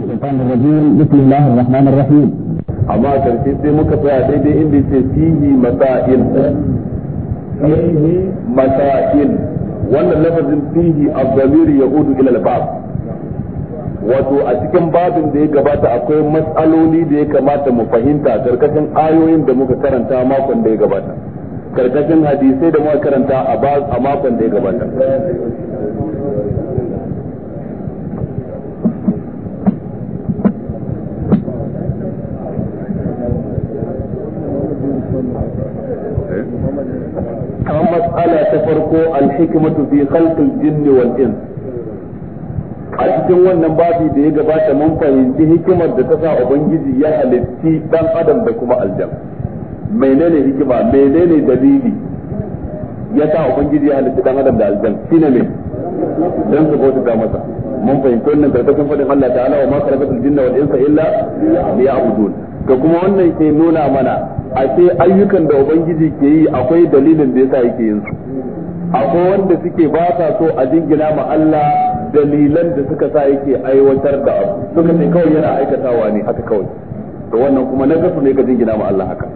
الشيطان الرجيم بسم الله الرحمن الرحيم amma karshe sai muka tsaya daidai inda yake fihi masail fihi masail wannan lafazin fihi az-zamir yaudu ila al-bab wato a cikin babin da ya gabata akwai matsaloli da ya kamata mu fahimta karkashin ayoyin da muka karanta makon da ya gabata karkashin hadisai da muka karanta a makon da ya gabata hikmatu fi khalqil jinn wal ins a cikin wannan babi da ya gabata mun fahimci hikimar da ta sa ubangiji ya halitti dan adam da kuma aljan menene hikima menene dalili ya sa ubangiji ya halitti dan adam da aljan shine me dan su bauta ta masa mun fahimci wannan karkashin fadin Allah ta'ala wa ma khalaqatul jinna wal insa illa liya'budun ga kuma wannan ke nuna mana a ce ayyukan da ubangiji ke yi akwai dalilin da yasa yake yin su akwai wanda suke ba sa so a jingina ma Allah dalilan da suka sa yake aiwatar da abu suka ce kawai yana aikatawa ne haka kawai to wannan kuma na gasu ne ka jingina ma Allah haka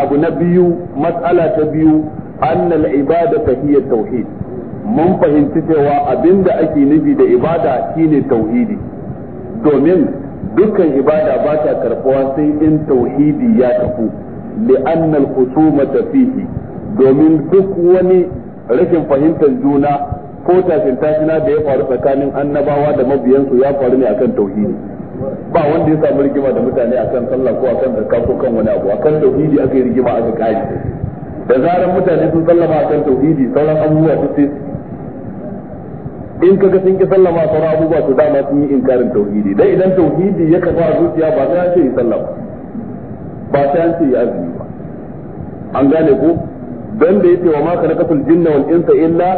abu na biyu, matsala ta biyu, annal ibada ta hiya tauhid mun fahimci cewa abin da ake nufi da ibada shine tauhidi domin dukkan ibada ba ta karbuwa sai in tauhidi ya tafi li'anna al-khusumata fihi domin duk wani rashin fahimtar juna ko tashin tashina da ya faru tsakanin annabawa da mabiyansu ya faru ne akan tauhidi ba wanda ya samu rigima da mutane akan sallah ko akan zakka ko kan wani abu akan tauhidi aka yi rigima aka kai da zaran mutane sun sallama akan tauhidi sauran abubuwa su sai in kaga sun ki sallama sauran abubuwa su dama sun yi inkarin tauhidi dai idan tauhidi ya kafa a zuciya ba sai an ce yi sallama ba sai an ce yi azumi ba an gane ko dan da yace wa na khalaqatul jinna wal insa illa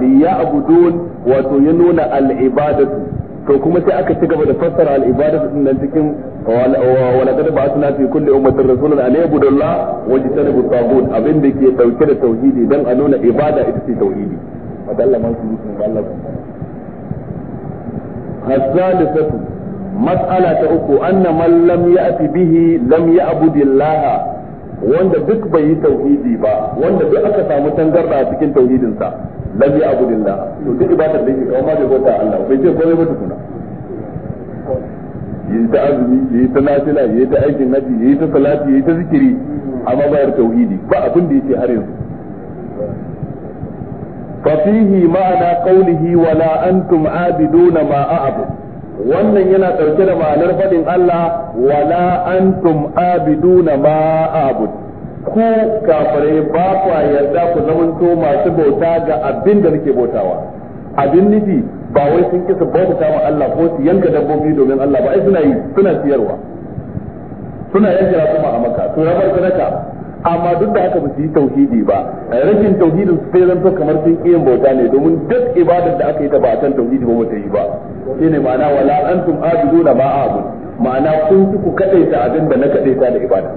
liya'budun wato ya nuna al ibadatu to kuma sai aka ci gaba da fassara al ibadatu din nan cikin wa laqad ba'athna fi kulli ummatin rasulan an ya'budu Allah wa yajtanibu at-taghut abin da ke dauke da tauhidi dan a nuna ibada ita ce tauhidi wadalla man su Allah الثالثة مسألة أكو أن من لم يأت به bihi يعبد الله wanda duk bai yi tauhidi ba wanda duk aka samu tangarda a cikin tauhidin sa lam ya abudillah to duk ibadar da yake kawo ma bai bauta Allah bai ce komai ba tukuna yi ta azumi yi ta nafila yi ta aikin haji yi ta salati yi ta zikiri amma ba yar tauhidi ba abin da yake har yanzu fa fihi ma'ana qawlihi wala antum abiduna ma a'budu wannan yana ɗauke da ma'anar faɗin Allah wala antum abiduna ma abud ku kafare ba ku yarda ku zamanto masu bauta ga abin da nake bautawa abin nufi ba wai sun kisa bauta ma Allah ko su yanka dabbobi domin Allah ba ai suna yi suna siyarwa suna yanka su ma a maka to rabar sadaka amma duk da haka ba su yi tauhidi ba rashin tauhidin sai zanto kamar sun iya bauta ne domin duk ibadar da aka yi ta ba a can tauhidi ba ta yi ba shine ma'ana wala an antum na ba'a abu ma'ana kun ci ku ta abin da na ta da ibada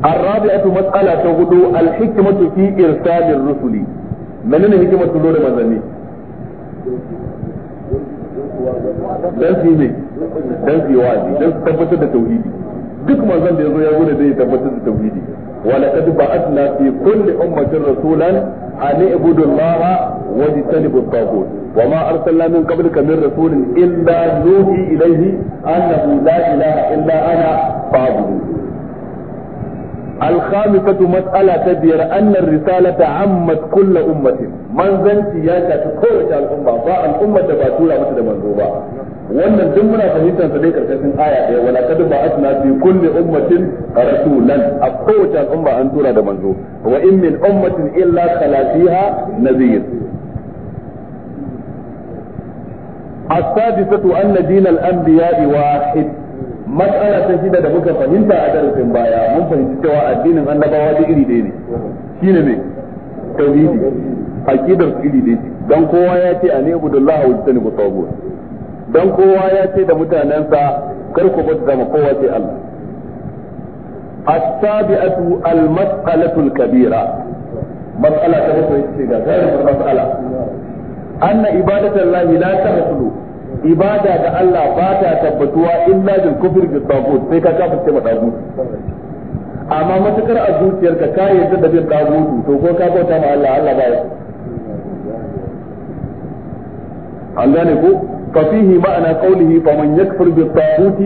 الرابعة مسألة تقول الحكمة في إرسال الرسل من الحكمة تقول مزني dan su yi ne dan su yi wazi dan tabbatar da tauhidi duk manzon da yazo ya zo da zai tabbatar da tauhidi wa laqad ba'athna fi kulli ummatin rasulan an ibudu allaha wa tajtanibu at-taghut wa ma arsalna min qablika min rasulin illa nuhi ilayhi annahu la ilaha illa ana fa'budu الخامسة مسألة تبير أن الرسالة عمت كل أمة من زنتي يا تكورة الأمة با الأمة تباتولا مثل منذوبة wannan duk muna fahimtar sa ne karkashin aya ɗaya wala kad ba'athna fi kulli ummatin nan a kowace al'umma an tura da manzo wa in ummatin illa khala fiha nadhir السادسة أن دين الأنبياء واحد matsala ta shida da muka fahimta a darasin baya mun fahimci cewa addinin annabawa da iri ɗaya ne shine ne tauhidi aqidar iri ɗaya dan kowa ya ce ani ibudullahi wa tanibu tawbud dan kowa ya ce da mutanensa kar ku bauta ma kowa sai Allah as-sabi'atu al-mas'alatu al-kabira mas'ala ta mutunci ga gairar mas'ala anna ibadatu llahi la tahsulu ibada ga Allah ba ta tabbatuwa illa bil kufri bi tagut sai ka kafirce ma tagut amma matukar a zuciyarka ka yarda da bin tagut to ko ka bauta ma Allah Allah ba ya an gane ko fa fihi ma'ana qawlihi faman yakfur bi tagut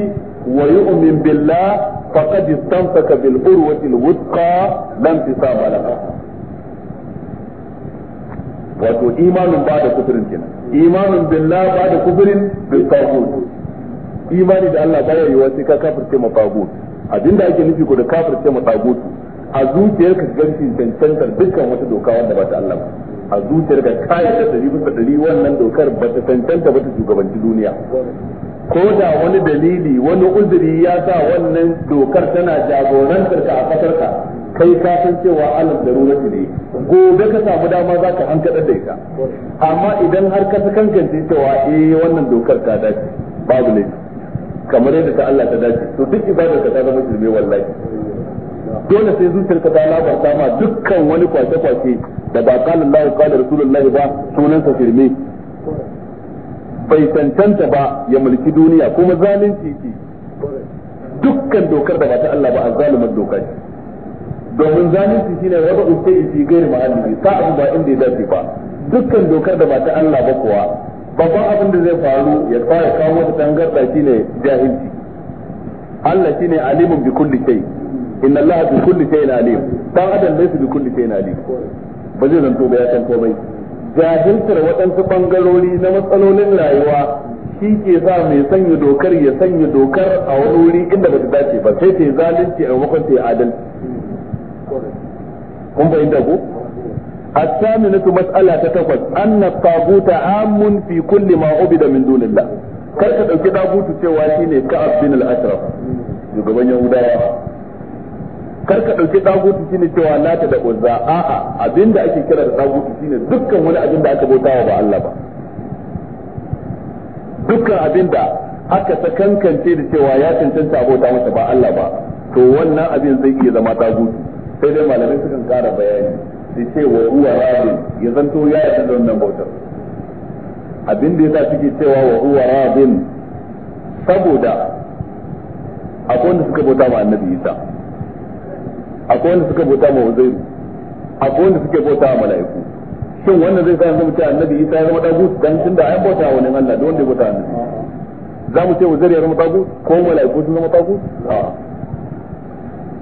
wa yu'min billah faqad istamsaka bil urwati al wuthqa lam tisaba laha wato imanin ba da kufurin kenan imanun billah ba da kufurin bil tagut imani da Allah baya yi wasu ka kafirce ma tagut abinda ake nufi ko da kafirce ma tagut a zuciyar ka ganci cancantar dukkan wata doka wanda ba ta Allah ba a zuciyar ka kai da dari bisa dari wannan dokar ba ta cancanta ba ta shugabanci duniya ko da wani dalili wani uzuri ya sa wannan dokar tana jagorantar ka a kasar ka kai ka san cewa alam darurati ne gobe ka samu dama za ka hankadar da ita amma idan har ka kankance cewa eh wannan dokar ta dace babu ne kamar yadda ta Allah ta dace to duk ibadar ka ta zama shirme wallahi dole sai ka ta labarta ma dukkan wani kwace-kwace da ba kalin lahu kalin rasulullahi ba sunansa firme bai cancanta ba ya mulki duniya kuma zalunci ce dukkan dokar da ba ta Allah ba a zalumin doka ce domin zalunci shine wata usai shi gairi mahalli ta abu ba inda ya dace ba dukkan dokar da ba ta Allah ba kuwa babban abin da zai faru ya fara kawo wata tangarda shine jahilci Allah shine alimun bi kulli shay inna Allah bi kulli shay alim dan adam bai bi kulli shay alim ba zai zanto ba ya san komai jahiltar waɗansu bangarori na matsalolin rayuwa shi ke sa mai sanya dokar ya sanya dokar a wani wuri inda ba ta dace ba sai ta yi zalunci a makon ta yi adalci kun fahimta ko الثامنة مسألة تتفت أن kulli ma في كل ما عبد من دون الله كيف تأتي طاغوت سواتين كعب بن الأشرف يقبل يهودا kar ka dauki ɗagutu shine cewa na ta da uzza a'a abinda da ake kira da ɗagutu shine dukkan wani abin da aka bautawa ba Allah ba dukkan abin da aka sakankance da cewa ya cancanta abota masa ba Allah ba to wannan abin zai iya zama ɗagutu sai dai malamai sukan kara bayani su ce wa huwa rabi ya zanto ya yi da wannan bautar abin da sa suke cewa wa huwa rabin saboda akwai wanda suka bauta ma annabi Isa akwai wanda suka bauta ma Uzairu akwai wanda suke bauta ma mala'iku shin wannan zai sa zama cewa annabi Isa ya zama dagu dan da an bauta wa wani Allah da wanda ya bauta annabi za mu ce Uzairu ya zama dagu ko mala'iku sun zama dagu a'a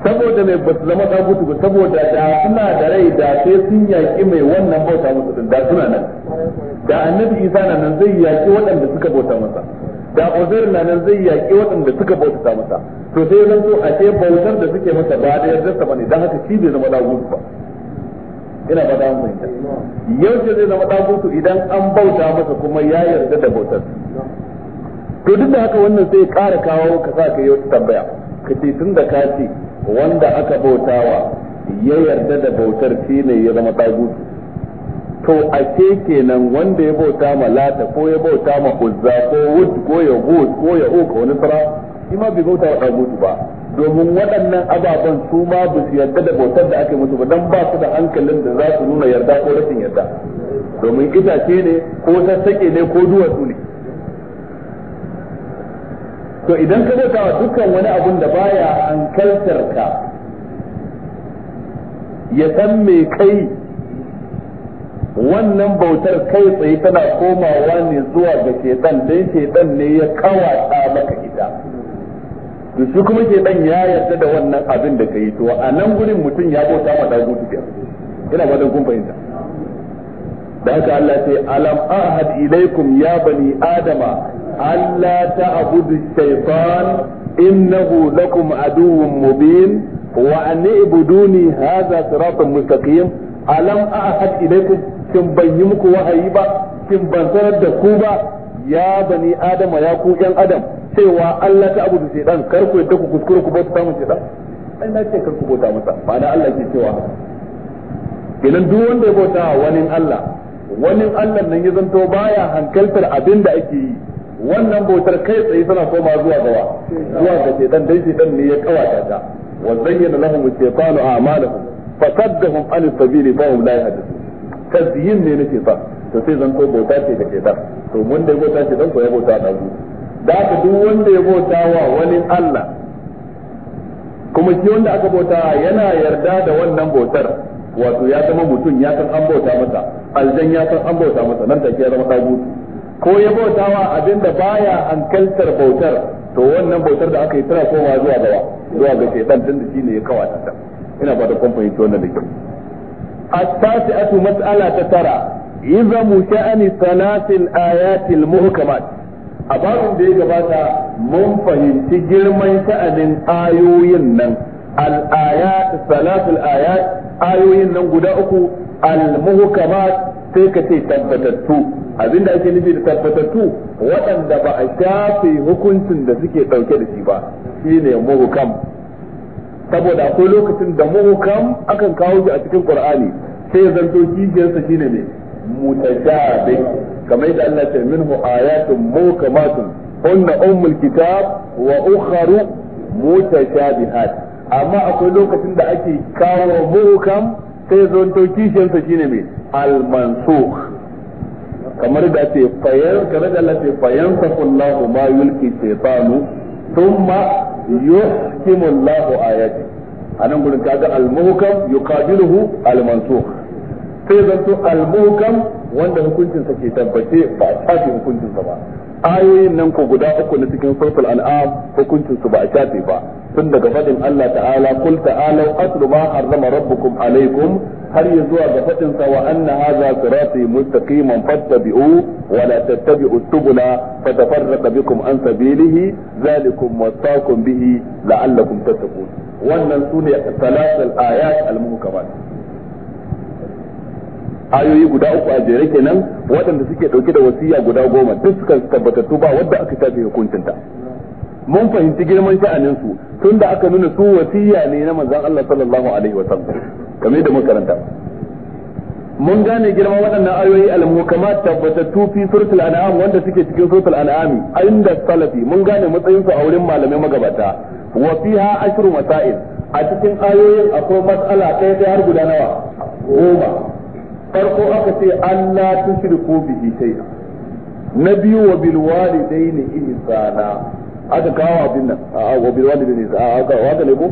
saboda mai basu zama tagutu ba saboda da suna da rai da sai sun yaƙi mai wannan bauta musu din da suna nan da annabi isa na nan zai yaƙi waɗanda suka bauta masa da uzair na nan zai yaƙi waɗanda suka bauta masa to sai zan so a ce bautar da suke masa ba da yardarsa bane dan haka shi bai zama tagutu ba ina ba an fahimta yau ce zai zama tagutu idan an bauta masa kuma ya yarda da bautar to duk da haka wannan sai ƙara kawo ka sa ka yi wata tambaya ka ce tun da ka ce wanda aka bautawa ya yarda da bautar shi ne ya zama tagutu to a ce kenan wanda ya bauta ma lata ko ya bauta ma uzza ko wud ko ya gud ko ya uka wani sara shi ma bai bauta wa tagutu ba domin waɗannan ababen su ma ba su yarda da bautar da ake musu ba dan ba su da hankalin da za su nuna yarda ko rashin yarda domin itace ne ko sassaƙe ne ko duwatsu ne to idan ka zo kawo dukkan wani abun da baya hankaltar ka ya san me kai wannan bautar kai tsaye tana komawa ne zuwa ga shedan dan shedan ne ya ta maka ita to shi kuma shedan ya yarda da wannan abin da kai to a nan gurin mutum ya bauta ma dagu tuke ina ba kun fahimta da haka Allah sai alam ahad ilaikum ya bani adama alla ta'budu shaytan innahu lakum aduwwun mubin wa an ibuduni hadha siratan mustaqim alam a'had ilaykum kin bayyin muku wahayi ba kin bantar da ku ba ya bani adam ya ku dan adam cewa alla ta'budu shaytan kar ku yadda ku kuskure ku ba ku samu shaytan ce kar ku bota masa ba dan allah ke cewa idan duk bota wani allah wani allah nan ya zanto baya hankaltar abinda ake yi wannan bautar kai tsaye tana koma zuwa gawa zuwa ga dan dai dan ne ya kawata ta wa zayyana lahum shaytanu a'malahum saddahum an sabili fa hum la yahtadun tazyin ne na fa to sai zan ko bauta ce ke da to mun dai bauta dan ko ya bauta da ku da ka duk wanda ya bauta wa wani Allah kuma shi wanda aka bauta yana yarda da wannan bautar wato ya zama mutum ya san an bauta masa aljan ya san an bauta masa nan take ya zama tagutu ko ya bautawa abinda baya ankaltar bautar to wannan bautar da aka yi tana komawa zuwa gaba, zuwa ga shaitan tun da shine ya kawata ta ina ba da kun fahimci wannan da kyau التاسعة مسألة ترى يزم شأن ثلاث الآيات muhkamat, a babin da ya gabata mun fahimci girman sha'anin ayoyin nan al-ayat salatul ayat ayoyin nan guda uku al-muhkamat sai ka ce tabbatattu abinda ake nufi da tabbatattu waɗanda ba a shafe hukuncin da suke ɗauke da shi ba shine muhukam saboda akwai lokacin da muhukam akan kawo shi a cikin qur'ani sai ya zanto kishiyarsa shine ne mutashabe kamar yadda Allah ta minhu ayatun muhkamatun hunna ummul kitab wa ukharu mutashabihat amma akwai lokacin da ake kawo muhukam sai ya zanto kishiyarsa shine ne al-mansukh kamar da ce fayan kamar da Allah ce fayan safullahu ma yulki shaytanu thumma yuhkimu Allahu ayati anan gurin kaga al-muhkam yuqabiluhu al-mansukh sai zanto al-muhkam wanda hukuncin sa ke tabbace ba a shafe hukuncin sa ba ayoyin nan ko guda uku na cikin suratul an'am hukuncin su ba a shafe ba tun daga fadin Allah ta'ala kul ta'alu atlu ma harrama rabbukum alaykum har ya zuwa ga fadin sa wa anna hadha sirati mustaqiman fattabi'u wa la tattabi'u subula fatafarraqa bikum an sabilihi zalikum wasaqum bihi la'allakum tattaqun wannan sune salasal ayat al-muhkamat ayoyi guda uku a jere kenan waɗanda suke ɗauke da wasiya guda goma duk suka tabbatattu ba wadda aka tafi hukuncinta mun fahimci girman sha'anin su tunda aka nuna su wasiya ne na manzon Allah sallallahu alaihi wa kamar mun karanta mun gane girman waɗannan ayoyi al-mukamat tabbatattu fi suratul an'am wanda suke cikin suratul an'am inda salafi mun gane matsayin su a wurin malamai magabata wa fiha ashru masail a cikin ayoyin akwai mas'ala ɗaya ɗaya har guda nawa goma farko aka ce Allah tushriku bihi shay'a na biyu wa bil walidaini ihsana aka kawo abin nan a wa bil walidin a aka wata ne ko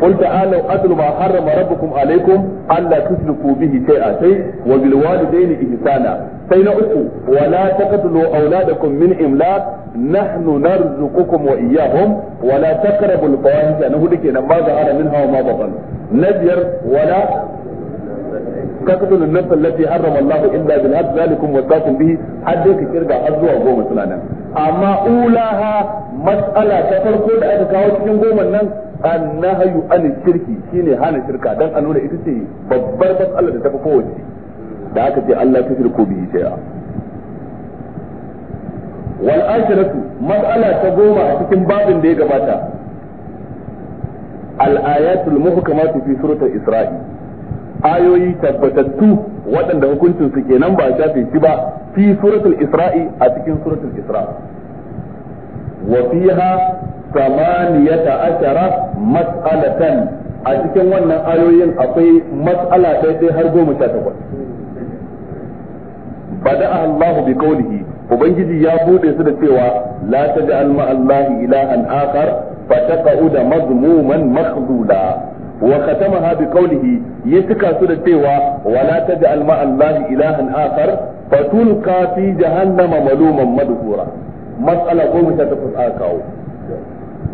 qul ta'alu atlu ma harrama rabbukum alaykum alla tusriku bihi shay'a sai wa bil walidayni ihsana sai na uku wa la taqtulu awladakum min imlaq nahnu narzuqukum wa iyyahum wala la taqrabul fawahisha na hudu kenan ma zahara minha wa ma batan na biyar wala تقتل النفس التي حرم الله الا بالحق ذلكم وصاكم به حد يكفر ده har zuwa goma suna nan amma ulaha mas'ala ta farko da aka kawo cikin goman nan hayu anil shirki shine hana shirka dan a nuna ita ce babbar mas'ala da ta fi kowace da aka ce Allah ta shirko bi shay'a wal ashiratu mas'ala ta goma a cikin babin da ya gabata al ayatul muhkamatu fi suratul isra'i ayoyi tabbatattu waɗanda hukuncin su kenan ba a shafe ba fi suratul isra'i a cikin suratul isra'i wa fiha samaniyata ashara mas'alatan a cikin wannan ayoyin akwai mas'ala sai sai har goma sha takwas bada'a Allahu bi qawlihi ubangiji ya bude su da cewa la taj'al ma Allahi ilahan akhar fataqa'uda mazmuman makhdula wa khatamaha bi qawlihi ya cika su da cewa wala taj'al ma Allahi ilahan akhar fatulqa fi jahannama maluman madhura matsala goma sha takwas aka kawo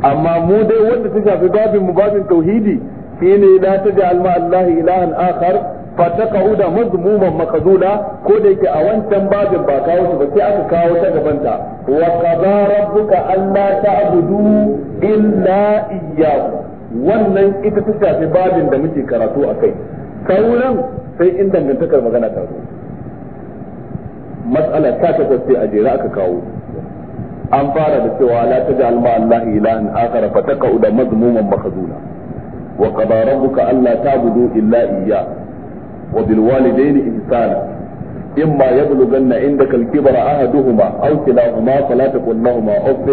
amma mu dai wanda ta shafi babin mu babin tauhidi shine ta taj'al ma Allah ilahan akhar fa taqauda mazmuman makazula ko da yake a wancan babin ba kawo su ba sai aka kawo ta gabanta wa qadara rabbuka alla ta'budu illa iyyahu wannan ita ta shafi babin da muke karatu akai sauran sai in dangantakar magana ta zo matsala ta takwas a jere aka kawo an fara da cewa la taj'al ma allahi ilahan akhar fa taqauda mazmuman makhzula wa qada rabbuka alla ta'budu illa iyyah wa bil walidayni ihsana إما يبلغن عندك الكبر أحدهما أو كلاهما فلا تقل لهما أف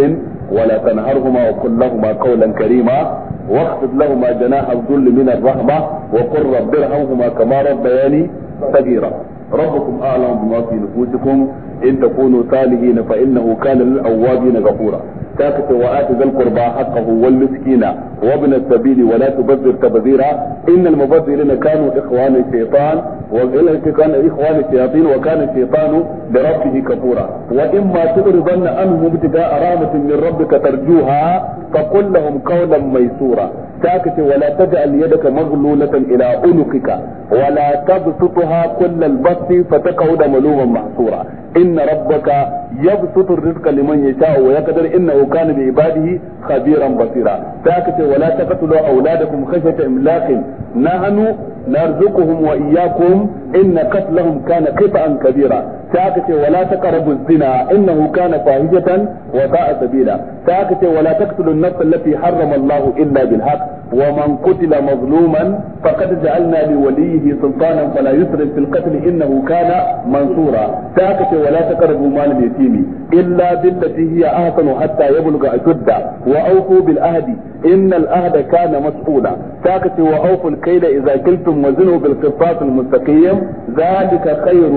ولا تنهرهما وقل لهما قولا كريما واخفض لهما جناح الذل من الرحمة وقل رب ارحمهما كما ربياني صغيرة ربكم أعلم بما في نفوسكم إن تكونوا صالحين فإنه كان للأوابين غفورا تاكت وآت ذا القربى حقه والمسكين وابن السبيل ولا تبذر تبذيرا إن المبذرين كانوا إخوان الشيطان كان إخوان الشياطين وكان الشيطان لربه كفورا وإما تؤرضن عنهم ابتداء رامة من ربك ترجوها فقل لهم قولا ميسورا تاكت ولا تجعل يدك مغلولة إلى عنقك ولا تبسطها كل البسط فتقعد ملوما محصورا إن ربك يبسط الرزق لمن يشاء ويقدر انه كان بعباده خبيرا بصيرا فاك ولا تقتلوا اولادكم خشيه املاق نحن نرزقهم واياكم إن قتلهم كان قطعا كبيرا ساكت ولا تقرب الزنا إنه كان فاهجة وساء سبيلا ساكت ولا تقتلوا النفس التي حرم الله إلا بالحق ومن قتل مظلوما فقد جعلنا لوليه سلطانا فلا يسرف في القتل إنه كان منصورا ساكت ولا تقربوا مال اليتيم إلا بالتي هي أحسن حتى يبلغ أشده وأوفوا بالعهد إن العهد كان مسؤولا ساكت وأوفوا الكيل إذا كلتم وزنوا بالقصاص المستقيم ذلك خير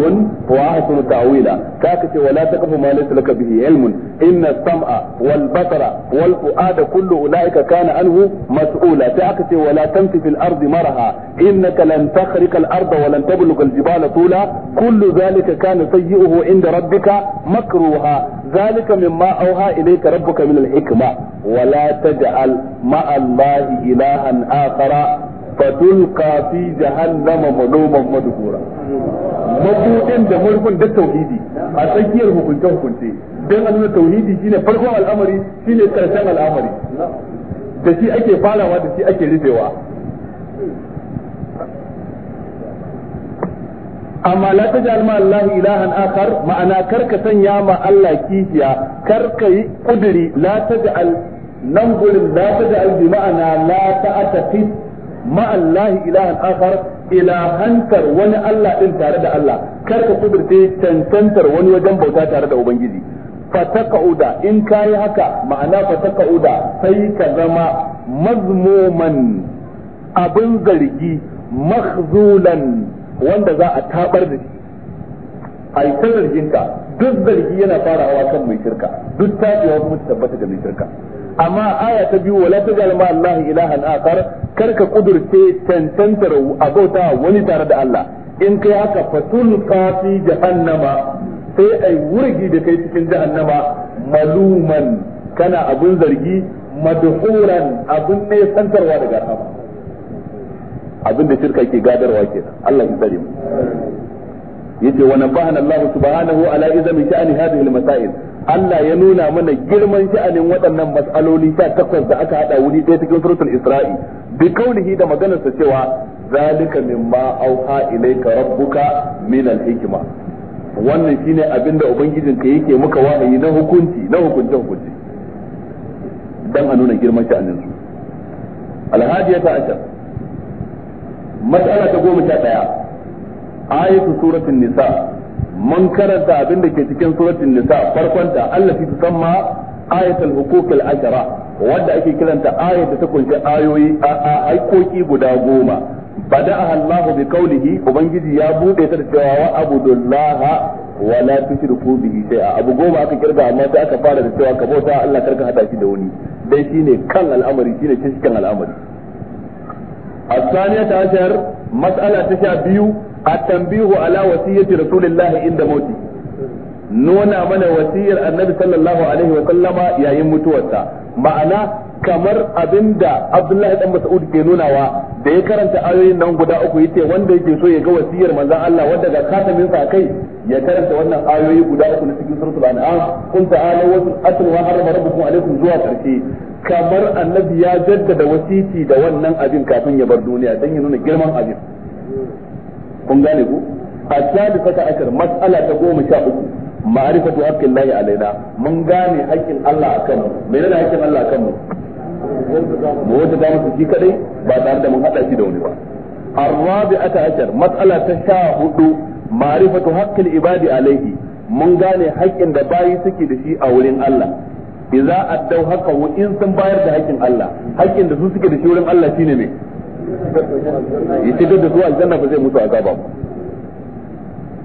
واحسن تاويلا كاكتي ولا تقف ما ليس لك به علم ان السمع والبصر والفؤاد كل اولئك كان عنه مسؤولا كاكتي ولا تمشي في الارض مرها انك لن تخرق الارض ولن تبلغ الجبال طولا كل ذلك كان سيئه عند ربك مكروها ذلك مما اوحى اليك ربك من الحكمه ولا تجعل مع الله الها اخر fatulqa fi jahannama maluman madhura mabudin da murfin da tauhidi a tsakiyar hukunce hukunce dan annuna tauhidi shine farkon al'amari shine karshen al'amari da shi ake farawa da shi ake rufewa amma la tajal ma Allah ilahan akhar ma'ana karka sanya ma Allah kishiya karka yi kuduri la tajal nan gurin la tajal bi ma'ana la ta'ata ma'allahi ilahan akhar ilahantar wani Allah din tare da Allah kar ka kudurce tantantar wani wajen bauta tare da ubangiji fatakauda in kayi haka ma'ana fatakauda sai ka zama mazmuman abin zargi makhzulan wanda za a tabar da shi a yi ta zarginka duk zargi yana farawa kan mai shirka duk tafiya kuma tabbata da mai shirka amma aya ta biyu wala tajal ma Allah ilahan akar kar ka kudurce tantantar abota wani tare da Allah in kai haka fatul kafi jahannama sai ai wurgi da kai cikin jahannama maluman kana abun zargi madhuran abun ne santarwa daga sama abin da shirka ke gadarwa kenan Allah ya tsare mu yace wa nabahana Allah subhanahu ala izami sha'ani hadhihi al-masail Allah ya nuna mana girman sha'anin waɗannan mas'aloli 18 da aka hada wuri ɗaya cikin suratul Isra'i bi kaunihi da maganarsa cewa zalika mimma auha ilayka rabbuka min al-hikma wannan shine abinda ka yake muka wahayi na hukunci na hukunce hukunci dan a nuna girman sha'anin su alhadiyata ashar mas'ala ta goma sha daya ayatu suratul nisa man karanta abin da ke cikin suratul nisa farkonta allati tusamma ayatul hukuk al ashara wanda ake kiranta ayat da ta kunshi ayoyi a aikoki guda goma bada Allahu bi qawlihi ubangiji ya bude ta da cewa wa abudullah wa la tushriku bihi shay'a abu goma aka kirga amma sai aka fara da cewa ka bauta Allah karka hada shi da wani dai shine kan al'amari shine cikin al'amari الثانية عشر مسألة تسعة بيو التنبيه على وصية رسول الله inda موته nuna mana wasiyar annabi sallallahu alaihi wa sallama yayin mutuwarsa ma'ana kamar abinda Abdullahi dan Mas'ud ke nunawa da ya karanta ayoyin nan guda uku yace wanda yake so ya ga wasiyar manzon Allah wanda ga katamin sa kai ya karanta wannan ayoyi guda uku na cikin suratul an'am kun ta'ala wa atul wa harama rabbukum alaikum zuwa karshe kamar annabi ya jaddada wasiti da wannan abin kafin ya bar duniya dan ya nuna girman abin kun gane ku a sadisata akar mas'ala ta goma sha uku ma'arifatu ma'rifatu lahi alaina mun gane haƙƙin Allah akan mu menene haƙƙin Allah akan mu mu wata da musu shi kadai ba tare da mun hada shi da wani ba matsala ta sha hudu ma'arifatu حق ibadi alaihi mun gane haƙƙin da bayi suke da shi a wurin Allah idza addau haka wa in sun bayar da haƙƙin Allah haƙƙin da su suke da shi wurin Allah shine me yace da su aljanna ba zai mutu azaba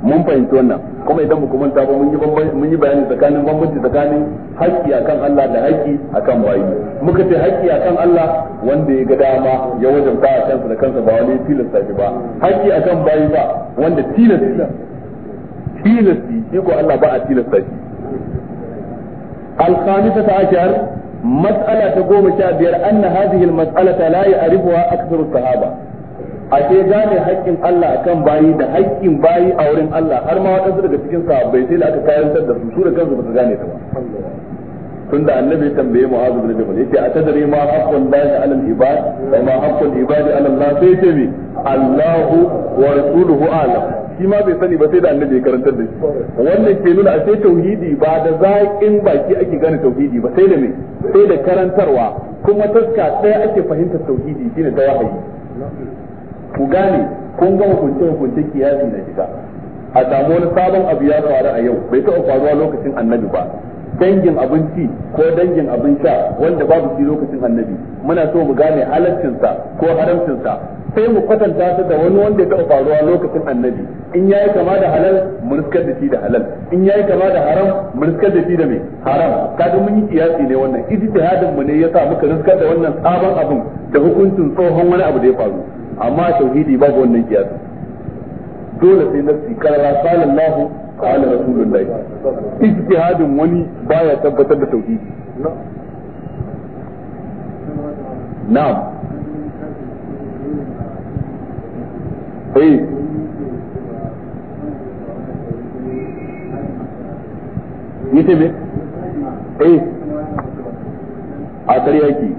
mun fahimci wannan kuma idan muku manta ba mun yi mun yi bayani tsakanin bambanci tsakanin haƙƙi akan Allah da haƙƙi akan bayi muka ce haƙƙi akan Allah wanda ya ga dama ya wajen ba a kansa da kansa ba wani tilasta shi ba haƙƙi akan bayi ba wanda tilasta tilasta shi ko Allah ba a tilasta shi الخامسة عشر مسألة قوم شابير أن هذه المسألة لا يعرفها أكثر الصحابة ashe gane haƙƙin Allah akan bayi da haƙƙin bayi a wurin Allah har ma waɗansu daga cikin sahabbai sai da aka kayantar da su su da kansu ba su gane ta ba tun da annabi ya tambaye mu'azu bin jabal yace atadri ma haqqul lahi 'ala al-ibad wa ma haqqul ibad 'ala Allah sai ce mi Allahu wa rasuluhu a'lam shi ma bai sani ba sai da annabi ya karantar da shi wannan ke nuna ashe tauhidi ba da zaƙin baki ake gane tauhidi ba sai da me sai da karantarwa kuma taska ɗaya ake fahimtar tauhidi shine ta wahayi ku gane kun ga hukunce hukunce kiyasi na shiga a samu wani sabon abu ya faru a yau bai taɓa faruwa lokacin annabi ba dangin abinci ko dangin abin sha wanda babu shi lokacin annabi muna so mu gane halaccinsa ko haramcinsa sai mu kwatanta ta da wani wanda ya taɓa faruwa lokacin annabi in ya yi kama da halal mu riskar da shi da halal in ya yi kama da haram mu riskar da shi da mai haram kaga mun yi kiyasi ne wannan ijtihadin mu ne ya sa muka riskar da wannan sabon abin da hukuncin tsohon wani abu da ya faru amma tauhidi babu wannan kiyasi dole sai nafsi karara sallallahu qala rasulullahi ijtihadin wani baya tabbatar da tauhidi na'am eh yace me eh a kariya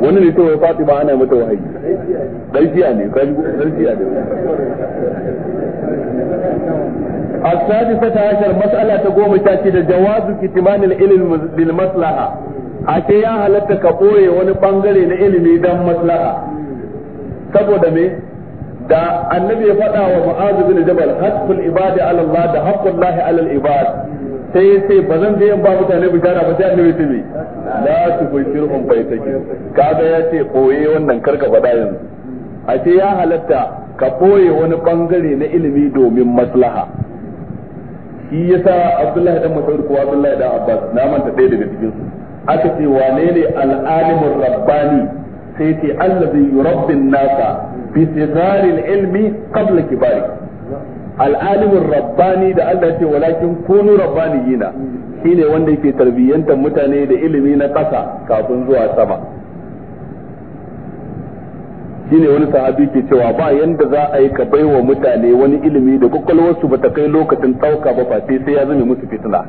wani ne to Fatima ana mata wahayi dan shi'a ne kaji dan shi'a ne السادسة عشر مسألة تقوم تأتي جواز كتمان العلم للمصلحة أتي يا هلتا كبوي ونبانغري لعلمي مصلحة تبو دمي da annabi ya faɗa wa mu'azu bin jabal haqqul ibadi ala Allah da haqqullahi ala al sai ya ce ba zan je in ba mutane bishara ba sai annabi ta mai la fa kaga ya ce boye wannan karka faɗa yanzu a ce ya halatta ka boye wani bangare na ilimi domin maslaha shi yasa Abdullahi dan masaud ko Abdullahi dan Abbas na manta dai daga cikin su aka ce wane ne al'alimur rabbani sai ce allazi yurabbin nasa bi sigaril ilmi qabla kibari al'alimin rabbani da Allah ce walakin kunu rabbaniyina shine wanda yake tarbiyyantar mutane da ilimi na ƙasa kafin zuwa sama shine wani sahabi ke cewa ba yanda za a yi ka baiwa mutane wani ilimi da kwakwalwarsu ba ta kai lokacin ɗauka ba face sai ya zame musu fitina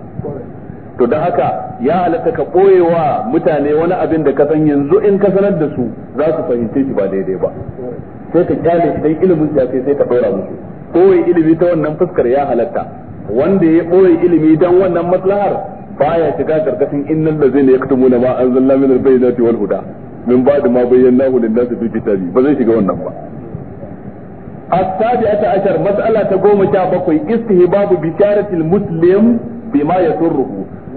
to da haka ya halatta ka ɓoye wa mutane wani abin da ka san yanzu in ka sanar da su za su fahimce shi ba daidai ba sai ka kyale idan ilimin ya sai ka ɗora musu boye ilimi ta wannan fuskar ya halatta wanda ya boye ilimi dan wannan maslahar baya shiga karkashin innal ladzina yaktumuna ma anzalna min albayyinati wal huda min ba'd ma bayyanahu lin ta fi kitabi ba zai shiga wannan ba السابعة عشر مسألة تقوم شابكوي استهباب بشارة المسلم بما يسره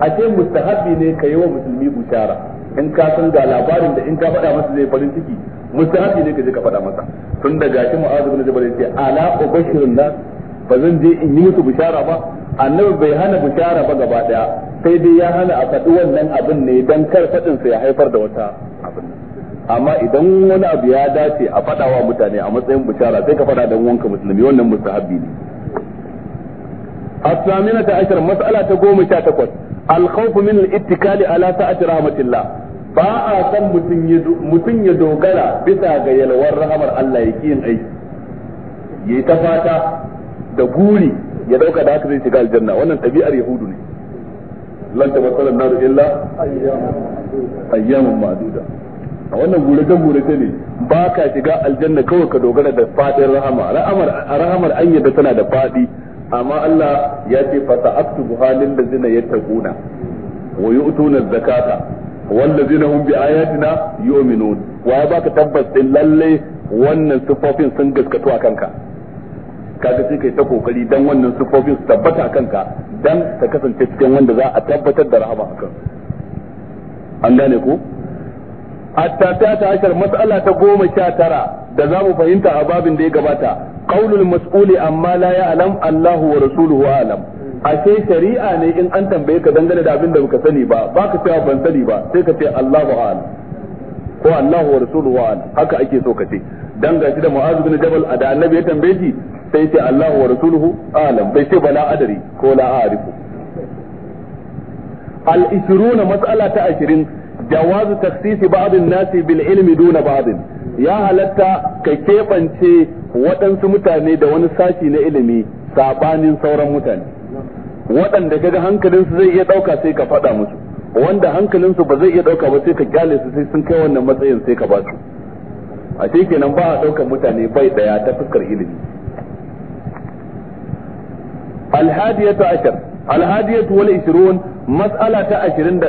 أشياء مستحب ne ka yi wa musulmi bushara in ka san ga labarin da in ka faɗa masa zai farin ciki mustahabi ne ka je ka faɗa masa tun da gashi mu'azu bin jabal yace ala ubashirun nas ba zan je in yi musu bishara ba annabi bai hana bishara ba gaba daya sai dai ya hana a faɗi wannan abin ne dan kar faɗin sa ya haifar da wata abin amma idan wani abu ya dace a faɗawa mutane a matsayin bishara sai ka faɗa dan wanka musulmi wannan mustahabi ne الثامنة عشر مسألة قوم شاتكوت الخوف من الاتكال على سعة رحمة الله ba a san mutum ya dogara bisa ga yalwar rahamar Allah ya yin aiki ya yi ta fata da guri ya dauka da haka zai shiga aljanna wannan tabi'ar yahudu ne lan ta matsalar naru illa ayyamun ma'duda a wannan guragen gurace ne ba ka shiga aljanna kawai ka dogara da fadin rahama rahamar an yadda tana da fadi amma Allah ya ce fa ta'aktubu halin da zina yattaquna wa yu'tuna zakata wallazina hum bi ayatina yu'minun wa ya baka tabbas din lalle wannan sifofin sun gaskatu a kanka kaga sai kai ta kokari dan wannan sufofin su tabbata a kanka dan ka kasance cikin wanda za a tabbatar da rahama akan an gane ko hatta ta ashar mas'ala ta goma sha tara da za mu fahimta a babin da ya gabata qaulul mas'uli amma la ya'lam Allahu wa rasuluhu a'lam ashe shari'a ne in an tambaye ka dangane da abin da baka sani ba ba ka cewa ban sani ba sai ka ce Allahu a'lam ko Allahu wa rasuluhu a'lam haka ake so ka ce dan gashi da Mu'adh bin Jabal da Annabi ya tambaye shi sai ce Allahu wa rasuluhu a'lam bai ce bala adari ko la a'rifu al-20 mas'ala ta 20 jawazu taksisi ba'd nasi bil ilmi duna ba'din ya halatta ka kebance waɗansu mutane da wani sashi na ilimi sabanin sauran mutane waɗanda kaga hankalinsu zai iya ɗauka sai ka faɗa musu wanda hankalinsu ba zai iya ɗauka ba sai ka kyale su sai sun kai wannan matsayin sai ka ba su a shi kenan ba a ɗaukar mutane bai ɗaya ta fuskar ilimi alhadiyatu ashar alhadiyatu wal ishrun mas'ala ta 21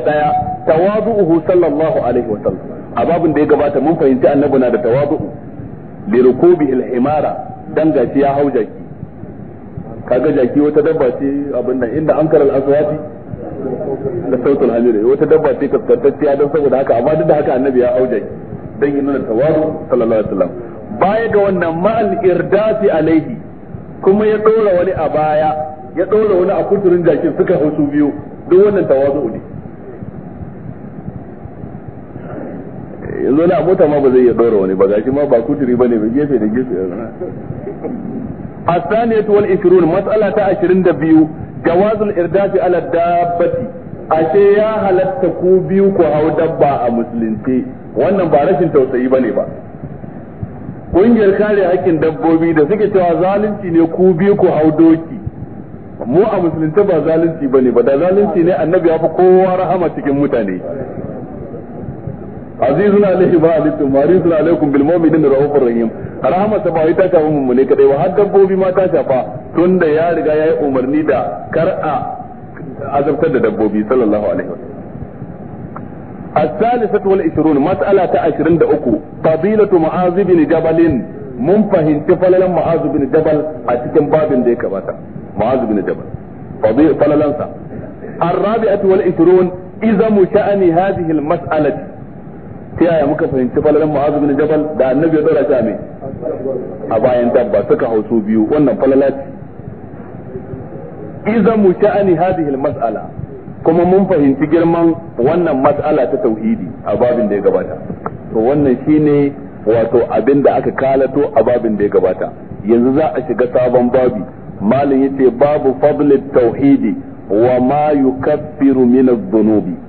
tawadu'uhu sallallahu alaihi wa sallam a babin da ya gabata mun fahimci annabi na da tawadu'u lirukubi al imara dan gashi ya hauja kaga jaki wata dabba ce abin nan inda an karal aswati da sautul hamiri wata dabba ce kaskantacciya dan saboda haka amma duk da haka annabi ya auja dan yin nuna tawazu sallallahu alaihi wasallam baya ga wannan ma'al irdati alaihi kuma ya dora wani a baya ya dora wani a kuturin jakin suka hausu biyu duk wannan tawazu ne yanzu na mota ma ba zai iya dora wani ba gashi ma ba kuturi bane ba gefe da gefe الثانية والعشرون مسألة عشرين دبيو جواز الإرداف على الدابة ashe ya halatta ku biyu ku hau dabba a musulunci wannan ba rashin tausayi ba ne ba Kungiyar kare hakkin dabbobi da suke cewa zalunci ne ku biyu ku hau doki mu a musulunci ba zalunci ba ne ba da zalunci ne annabi ya fi kowa rahama cikin mutane azizun alaihi ba alikum marisun alaikum bil mu'minin raufur rahim rahama ta ba ita ta mu ne kadai wa har dabbobi ma ta shafa tunda ya riga yayi umarni da kar'a azabtar da dabbobi sallallahu alaihi wasallam الثالثة والعشرون مسألة عشرين دأكو فضيلة معاذ بن جبل من فهمت فللا معاذ بن جبل أتكم باب ديك باتا معاذ بن جبل فضيلة فللا الرابعة والعشرون إذا شأن هذه المسألة ta yaya muka fahimci falalan mu'azu bin jabal da annabi ya dora ta a bayan dabba suka hauso biyu wannan falala ce idan mu sha'ani hadhihi mas'ala kuma mun fahimci girman wannan mas'ala ta tauhidi a babin da ya gabata to wannan shine wato abin da aka kalato a babin da ya gabata yanzu za a shiga sabon babi malin yace babu fadlit tauhidi wa ma yukaffiru min adh-dhunubi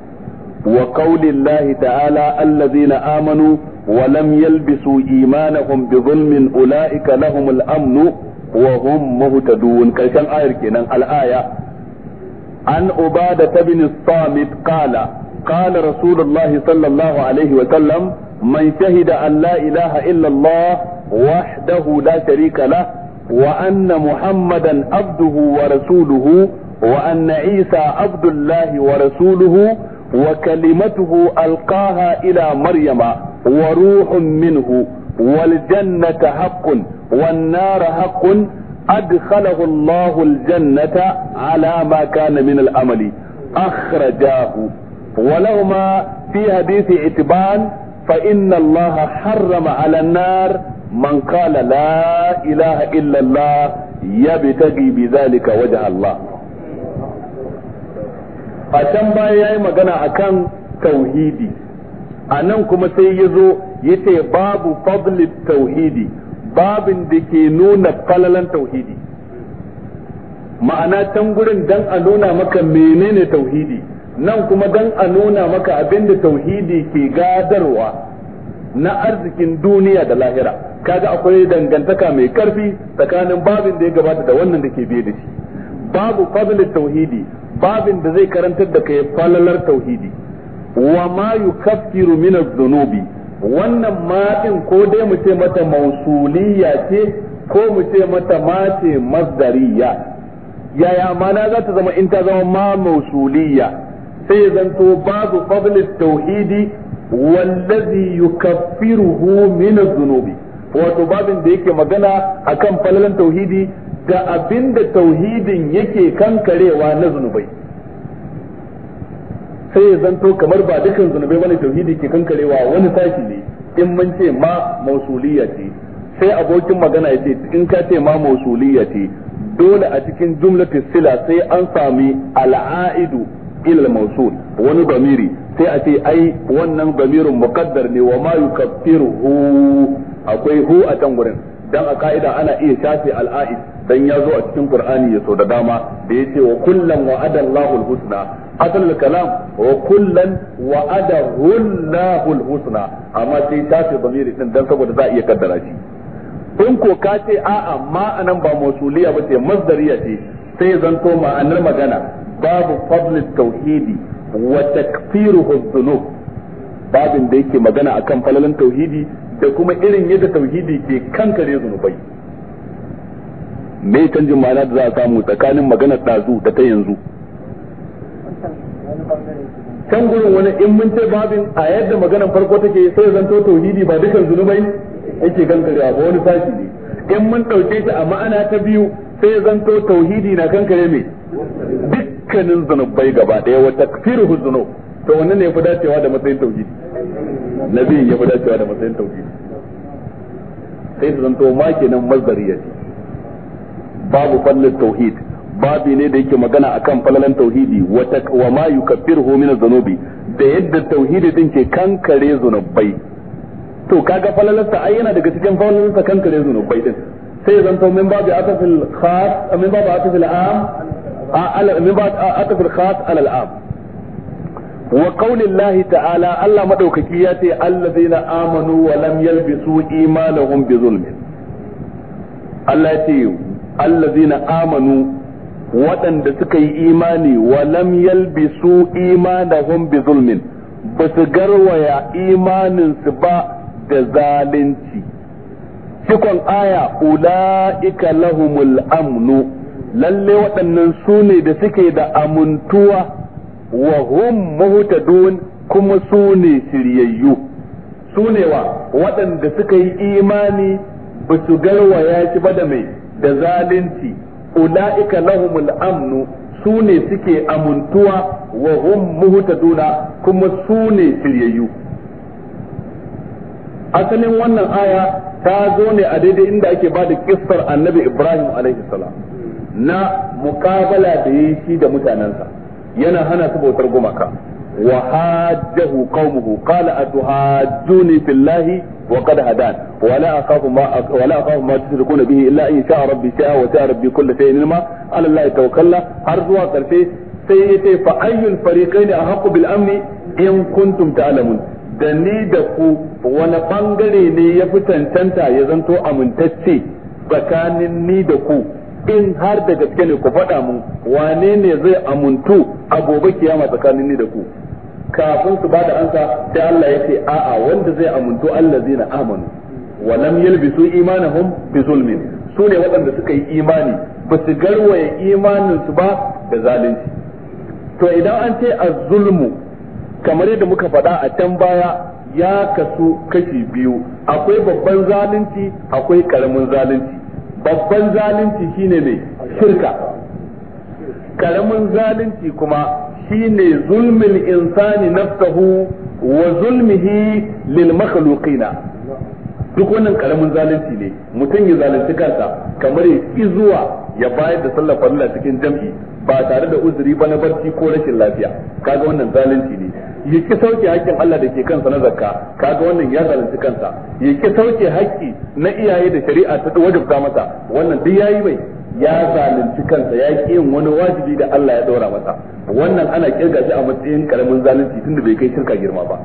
وقول الله تعالى الذين آمنوا ولم يلبسوا إيمانهم بظلم أولئك لهم الأمن وهم مهتدون كالشان آية كنا الآية عن عبادة بن الصامت قال قال رسول الله صلى الله عليه وسلم من شهد أن لا إله إلا الله وحده لا شريك له وأن محمدا عبده ورسوله وأن عيسى عبد الله ورسوله وكلمته ألقاها إلى مريم وروح منه والجنة حق والنار حق أدخله الله الجنة على ما كان من الأمل أخرجاه ولهما في حديث عتبان فإن الله حرم على النار من قال لا إله إلا الله يبتغي بذلك وجه الله a can baya yi magana akan tauhidi a nan kuma sai ya zo ya ce babu fadli tauhidi babin da ke nuna falalan tauhidi ma'ana can gurin dan a nuna maka menene tauhidi nan kuma dan a nuna maka abin da tauhidi ke gadarwa na arzikin duniya da lahira kaga akwai dangantaka mai karfi tsakanin babin da ya gabata da wannan da ke biye da shi babu fadlin tauhidi babin da zai karantar da kai falalar tauhidi wa ma yukaffiru min adh-dhunubi wannan ma din ko dai mu ce mata mausuliya ce ko mu ce mata ma ce masdariya yaya mana za ta zama in ta zama ma mausuliya sai zanto babu fadl tauhidi wallazi yukaffiruhu min adh-dhunubi wato babin da yake magana akan falalan tauhidi ga abin da tauhidin yake kankarewa na zunubai sai ya zanto kamar ba dukkan zunubai wani tauhidi ke kankarewa wani sashi ne in mun ce ma mausuliya ce sai abokin magana ya ce in ka ce ma mausuliya ce dole a cikin jumlatin sila sai an sami al'aidu ilal mausul wani bamiri sai a ce ai wannan bamirin muqaddar ne wa ma yukaffiruhu akwai hu a can gurin dan a ka'ida ana iya shafe al'a'id dan ya zo a cikin qur'ani ya so da dama da yace wa kullan wa'ada Allahu al-husna asal kalam wa kullan wa'ada Allahu al-husna amma sai shafe zamiri din dan saboda za a iya kaddara shi in ko ka ce a'a ma'anan ba mausuliya ba ce masdariya ce sai zanto ma'anar magana babu fadlit tauhidi wa takfiruhu dhunub babin da yake magana akan falalan tauhidi da kuma irin yadda tauhidi ke kankare zunubai me canjin ma'ana da za a samu tsakanin maganar ɗazu da ta yanzu can gurin wani in mun ce babin a yadda maganar farko take sai zanto tauhidi ba dukan zunubai yake kankare ba wani sashi ne in mun ɗauke shi a ma'ana ta biyu sai zanto tauhidi na kankare mai dukkanin zunubai gaba ɗaya wata takfiruhu zunub to wannan ne ya fi dacewa da matsayin tauhidi na ya fi dacewa da matsayin tauhid sai su zanto ma kenan mazdariya ce babu fallin tauhid babi ne da yake magana akan falalan tauhidi wa ma yukaffiruhu min adh-dhunubi da yadda tauhidi din ke kankare zunubai to kaga falalarsa ai yana daga cikin falalarsa kankare zunubai din sai ya zanto min babu atafil khas min babu atafil am ala min babu atafil khas ala al-am wa ta'ala Allah madaukaki ya ce allazina amanu wa lam yalbisu imanahum bi zulmin Allah ya ce amanu waɗanda suka yi imani wa lam yalbisu imanahum bi zulmin ba su garwaya imaninsu ba da zalunci cikon aya ula'ika lahumul amnu lalle waɗannan su ne da suke da amintuwa wa hum muhtadun kuma su ne shiryayyu su wa waɗanda suka yi imani ba su ya ci ba da mai da zalunci ula'ika lahumul amnu su ne suke amintuwa wa hum muhtaduna kuma su ne shiryayyu asalin wannan aya ta zo ne a daidai inda ake ba da kissar annabi ibrahim alaihi salam na mukabala da yi shi da mutanensa yana hana su bautar gumaka wa hajjahu qaumuhu qala atuhajjuni fillahi wa qad hadan wa la akhafu ma wa la akhafu ma tushrikuna bihi illa in sha'a rabbi sha'a wa sha'a rabbi kullu shay'in ilma ala allahi tawakkala har zuwa karshe sai yace fa ayyul fariqaini ahqqu bil amni in kuntum ta'lamun da ni da ku wani bangare ne ya fi cancanta ya zanto amintacce tsakanin ni da ku in har da gaske ne ku faɗa mun wane ne zai amuntu a gobe kiyama tsakanin ni da ku kafin su bada ansa sai Allah ya ce a'a wanda zai amuntu allazina amanu wa lam yalbisu imanahum bi zulmin su ne waɗanda suka yi imani ba su garwaye imanin su ba da zalunci to idan an ce az-zulmu kamar yadda muka faɗa a can baya ya kasu kashi biyu akwai babban zalunci akwai karamin zalunci babban zalunci shine mai shirka karamin zalunci kuma shine zulmin insani naftahu wa zulmihi lil makhluqina duk wannan karamin zalunci ne mutum ya zalunci kansa kamar ya zuwa ya bayar da sallafa farilla cikin jam'i ba tare da uzuri ba na barci ko rashin lafiya kaga wannan zalunci ne Yi ki sauke hakkin Allah da ke kansa na zakka kaga wannan ya zalunci kansa ya ki sauke hakki na iyaye da shari'a ta wajibta masa wannan duk yayi mai ya zalunci kansa ya ki yin wani wajibi da Allah ya daura masa wannan ana kirga shi a matsayin karamin zalunci tunda bai kai shirka girma ba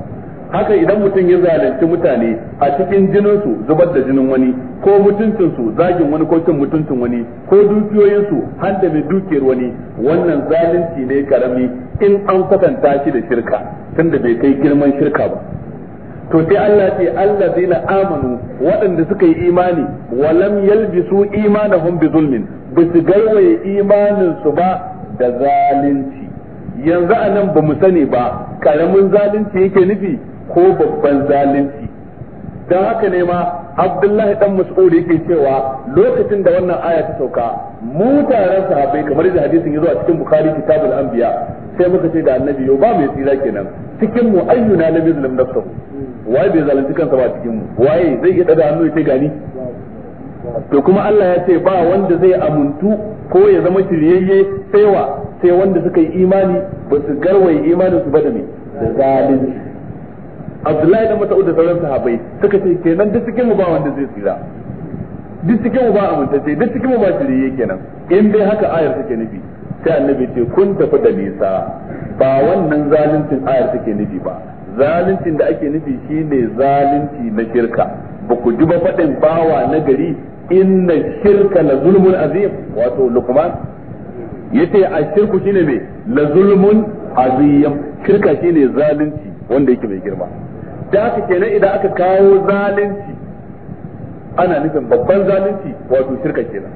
haka idan mutum ya zalunci mutane a cikin jininsu zubar da jinin wani ko mutuncinsu zagin wani ko cin mutuncin wani ko dukiyoyinsu handa mai dukiyar wani wannan zalunci ne karami in an kwatanta shi da shirka tunda bai kai girman shirka ba to sai Allah ce Allah na amanu waɗanda suka yi imani walam yalbisu imanahum bi zulmin ba su gaiwaye imaninsu ba da zalunci yanzu anan ba mu sani ba karamin zalunci yake nufi ko babban zalunci don haka ne ma abdullahi dan mas'ud yake cewa lokacin da wannan aya ta sauka mu sahabbai kamar da hadisin ya zo a cikin bukhari kitabul anbiya sai muka ce da annabi yau ba mai tsira kenan cikin mu ayyuna lam yuzlam nafsuhu waye bai zalunci kansa ba cikin mu waye zai iya daga hannu ya ce gani to kuma Allah ya ce ba wanda zai amuntu ko ya zama shiryayye sai wa sai wanda suka yi imani ba su garwaye imanin su ba da ne da zalunci Abdullahi da Mas'ud da sauran sahabbai suka ce kenan duk cikin mu ba wanda zai tsira duk cikin mu ba sai duk cikin mu ba shiriye kenan in dai haka ayar take nufi sai annabi ce kun tafi da nisa ba wannan zaluncin ayar take nufi ba zaluncin da ake nufi shine zalunci na shirka ba ku ji ba faɗin bawa na gari inna shirka la zulmun azim wato luqman yace a shirku shine me la zulmun azim shirka shine zalunci wanda yake mai girma da aka kenan idan aka kawo zalunci ana nufin babban zalunci wato shirka kenan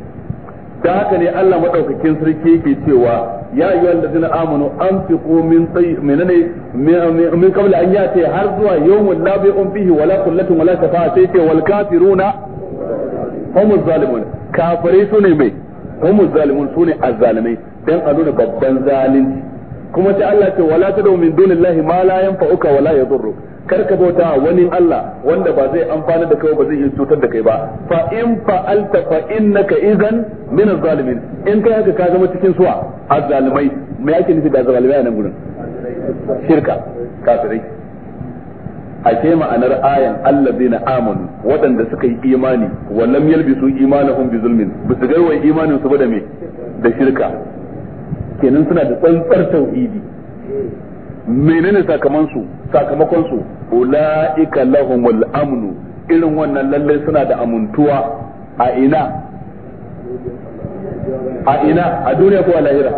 da haka ne Allah madaukakin sarki yake cewa ya yi ayyuhal ladina amanu ko min menene min kabla an ce har zuwa yawmul labe fihi wala qullatun wala safa sai ce wal kafiruna humuz zalimun kafirai sune mai humuz zalimun sune azzalimai dan a nuna babban zalunci kuma sai Allah ce wala tadu min dunillahi ma la yanfa'uka wala yadurruka kar ka bauta wani Allah wanda ba zai amfana da kai ba zai iya cutar da kai ba fa in fa'alta fa innaka idan min zalimin in kai haka ka zama cikin suwa azzalimai me yake nufi da zalimai a nan gurin shirka kafirai ake ma'anar ayan allazina amanu waɗanda suka yi imani wa lam yalbisu imanahum bi zulmin bisu garwa imanin su ba da me da shirka kenan suna da tsantsar tauhidi menene sakamansu sakamakonsu ula'ika lahumul amnu irin wannan lalle suna da amuntuwa a ina a ina a duniya ko a lahira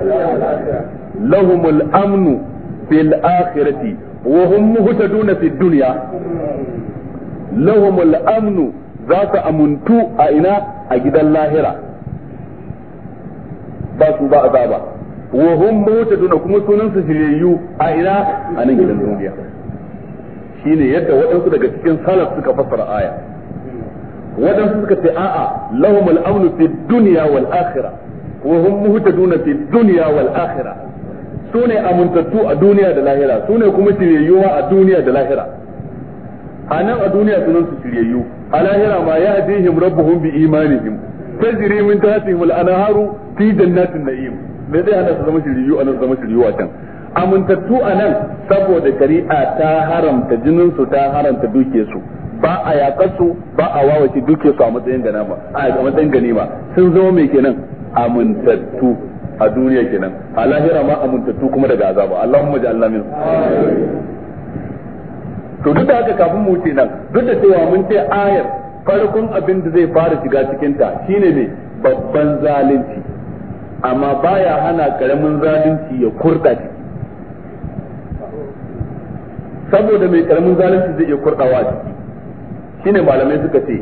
lahumul amnu fil akhirati wa hum muhtaduna fid dunya lahumul amnu za su amuntu a ina a gidan lahira ba su ba azaba wa hum mutaduna kuma sunan su shiryayyu a ina a nan gidan duniya shine yadda waɗansu daga cikin salaf suka fassara aya waɗansu suka ce a'a lahum al-amnu fi dunya wal akhirah wa hum fi dunya wal sune amintattu a duniya da lahira sune kuma shiryayyu a duniya da lahira a nan a duniya sunan su shiryayyu a lahira ma me zai hana su zama shiriyu a nan zama shiriyu a can amintattu a nan saboda shari'a ta haramta jinin su ta haramta duke su ba a yakar su ba a wawace duke su a matsayin ganima a matsayin ganima sun zama mai kenan amintattu a duniya kenan a lahira ma amintattu kuma daga azaba Allahumma ja'alna min to duk da haka kafin mu ce nan duk da cewa mun ce ayar farkon abin da zai fara shiga cikin ta shine ne babban zalunci amma baya hana karamin zalunci ya kurda jiki saboda mai karamin zalunci zai iya kurdawa a jiki shine malamai suka ce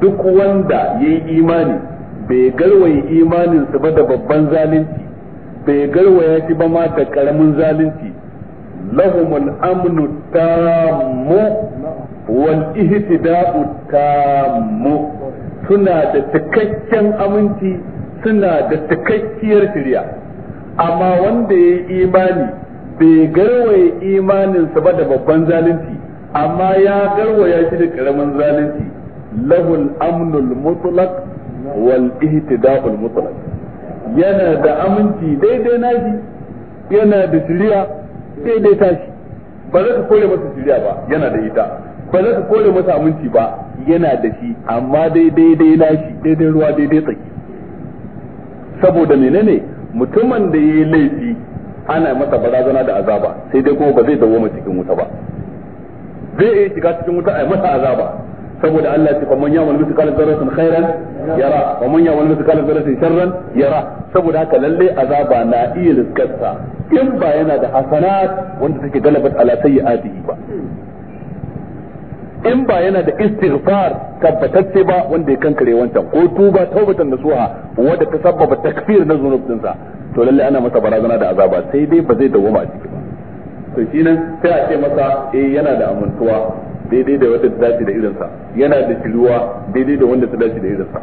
duk wanda ya yi imani bai garwaye imaninsa ba da babban zalunci bai garwaya shi ba ma da karamin zalunci lahumul amnu tammu wal ihtida'u tammu suna da cikakken aminci suna da cikakkiyar shirya amma wanda ya yi imani bai garwaye imaninsa ba da babban zalunci amma ya garwaya shi da karamin zalunci lahul amnul mutlaq wal ihtida'ul mutlaq yana da aminci daidai naji yana da shirya daidai tashi ba za ka kore masa shirya ba yana da ita ba za ka kore masa aminci ba yana da shi amma daidai daidai nashi daidai ruwa daidai tsaki saboda menene mutumin da yayi laifi ana masa barazana da azaba sai dai kuma ba zai dawo cikin wuta ba zai iya shiga cikin wuta a masa azaba saboda Allah ce faman yawon miskalar zarratin khairan yara faman yawon miskalar zarratin sharran yara saboda haka lalle azaba na iya riskarsa in ba yana da hasanat wanda take galabat ala sayyi'atihi ba in ba yana da istighfar tabbatacce ba wanda ya kankare wancan ko tuba taubatan nasuha wanda ta sabbaba takfir na zunubinsa to lalle ana masa barazana da azaba sai dai ba zai dawoma a ciki ba to shi nan sai a ce masa eh yana da amintuwa daidai da wanda ta dace da irinsa yana da shiruwa daidai da wanda ta dace da irinsa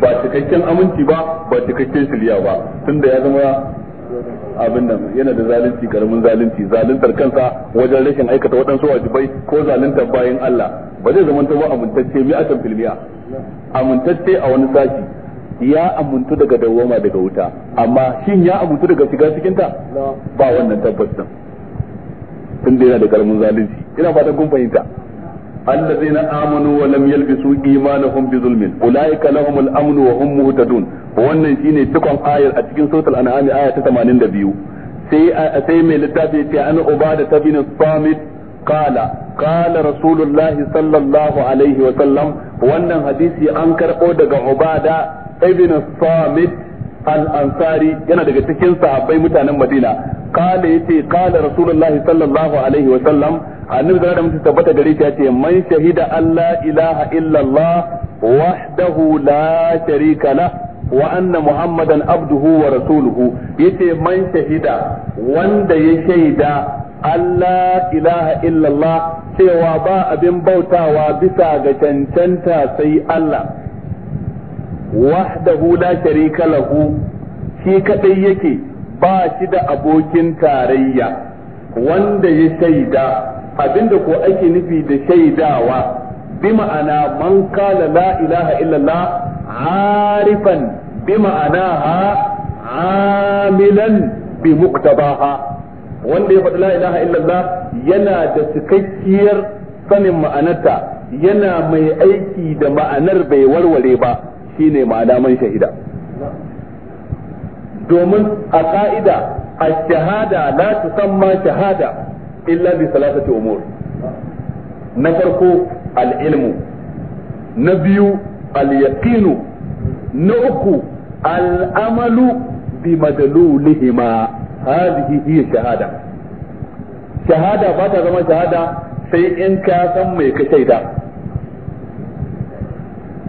ba cikakken aminci ba ba cikakken shirya ba tunda ya zama abin nan yana da zalunci karamin zalunci zaluntar kansa wajen rashin aikata waɗansu wajibai ko zaluntar bayan Allah ba zai zama ta ba amintacce mi'atan filmiya amintacce a wani sashi ya amuntu daga dawoma daga wuta amma shin ya amuntu daga shiga cikin ta ba wannan tabbas tun da yana da karamin zalunci ina fatan kun fahimta الذين آمنوا ولم يلبسوا إيمانهم بظلم أولئك لهم الأمن وهم مهتدون wannan shine cikon ayar a cikin suratul an'am aya ta 82 sai sai mai littafi ce an ubada ta samit qala qala rasulullah sallallahu alaihi wa sallam wannan hadisi an karbo daga ubada ibn samit al-ansari yana daga cikin sahabbai mutanen madina kala yace kala rasulullahi sallallahu alaihi wa sallam annabi da mutum tabbata gare shi yace man shahida allah ilaha illallah wahdahu la sharika la wa anna muhammadan abduhu wa rasuluhu yace man shahida wanda ya shaida allah ilaha illallah cewa ba abin bautawa bisa ga cancanta sai Allah wahdahu la sharika lahu shi kadai yake ba shi da abokin tarayya wanda ya shaida abinda ko ake nufi da shaidawa bi ma'ana man kala la ilaha illallah arifan bi ma'anaha amilan bi muktabaha wanda ya faɗi la ilaha illallah yana da cikakkiyar sanin ma'anarta yana mai aiki da ma'anar bai warware ba shi ne man shahida domin a ƙa'ida a shahada la su shahada illa bi salasati umur na farko al ilmu na biyu al’yaƙinu na uku amalu bi madalu hadhihi hi shahada shahada ba ta zama shahada sai in ka san mai ka shaida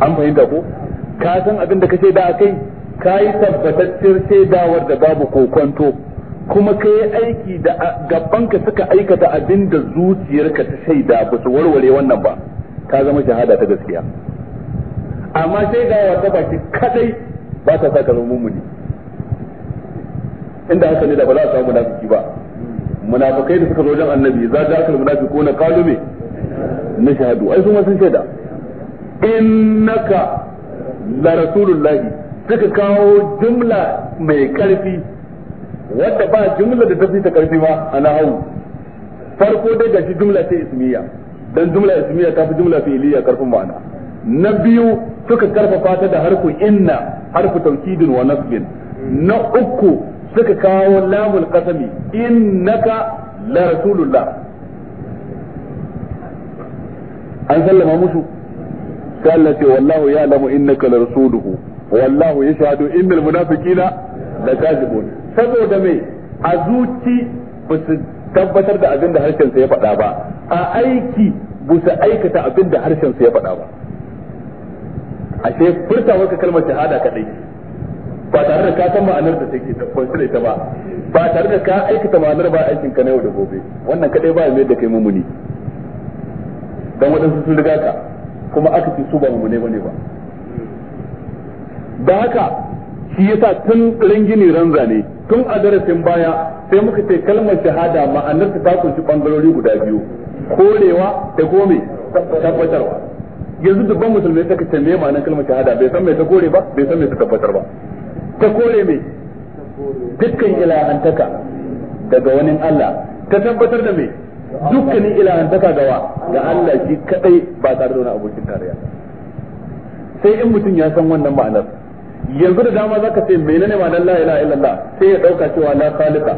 an fahimta ko ka san abin da ka da a kai ka yi tabbatacciyar shaidawar da babu kokonto kuma ka yi aiki da gabanka suka aikata abin da zuciyarka ta shaida ba su warware wannan ba ka zama shahada ta gaskiya amma shaidawa ta baki kadai ba ta saka zama mumuni inda haka ne da ba za a samu munafiki ba munafikai da suka zo wajen annabi za ta ko na kalume na shahadu ai sun sun shaida innaka la rasulullahi suka kawo jumla mai karfi wadda ba jumla da tafi ta karfi ba a nahawu farko dai shi jumla ta ismiya dan jumla ismiya ta fi jumla fi'liya karfin ma'ana na biyu suka karfafa ta da harfu inna harfu tawkidin wa nasbin na uku suka kawo lamul qasami innaka la rasulullah an sallama musu قال Allah ce wallahu ya'lamu innaka larasuluhu wallahu yashhadu innal munafiqina lakazibun saboda me a zuci ba su tabbatar da abin da harshen sa ya faɗa ba a aiki ba su aikata abin da harshen sa ya faɗa ba ashe furtawar ka kalmar shahada kadai ba tare da ka san ma'anar da take da kwansu ta ba ba tare da ka aikata ma'anar ba aikin ka na yau da gobe wannan kadai ba mai da kai mumuni dan waɗansu sun riga ka kuma aka fi su ba mu ne bane ba da haka shi yasa tun rangini ran zane tun a darasin baya sai muka ce kalmar shahada ma'anar ta kunshi bangarori guda biyu korewa da gome tabbatarwa yanzu dubban musulmai suka ce me ma'anar kalmar shahada bai san mai ta kore ba bai san mai ta tabbatar ba ta kore me dukkan ilahantaka daga wani Allah ta tabbatar da me dukkanin ilahantaka gawa ga Allah shi kadai ba tare da wani abokin tarayya sai in mutum ya san wannan ma'anar yanzu da dama zaka ce menene ma la ilaha illallah sai ya dauka cewa la khaliqa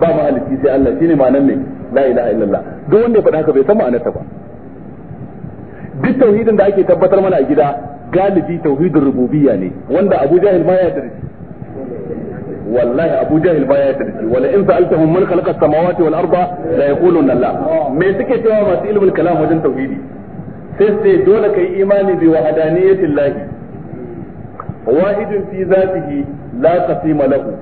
ba mahalicci sai Allah shine ma'anar ne la ilaha illallah duk wanda ya faɗa haka bai san ma'anar ta ba duk tauhidin da ake tabbatar mana a gida galibi tauhidur rububiyya ne wanda Abu Jahil ma ya tarihi wallahi abu jahil baya yarda da shi wala in sa'altahum man khalaqa as-samawati wal arda la yaquluna Allah me suke cewa masu ilmul kalam wajen tauhidi sai sai dole kai imani bi wahdaniyati Allah wahidun fi zatihi la qasima lahu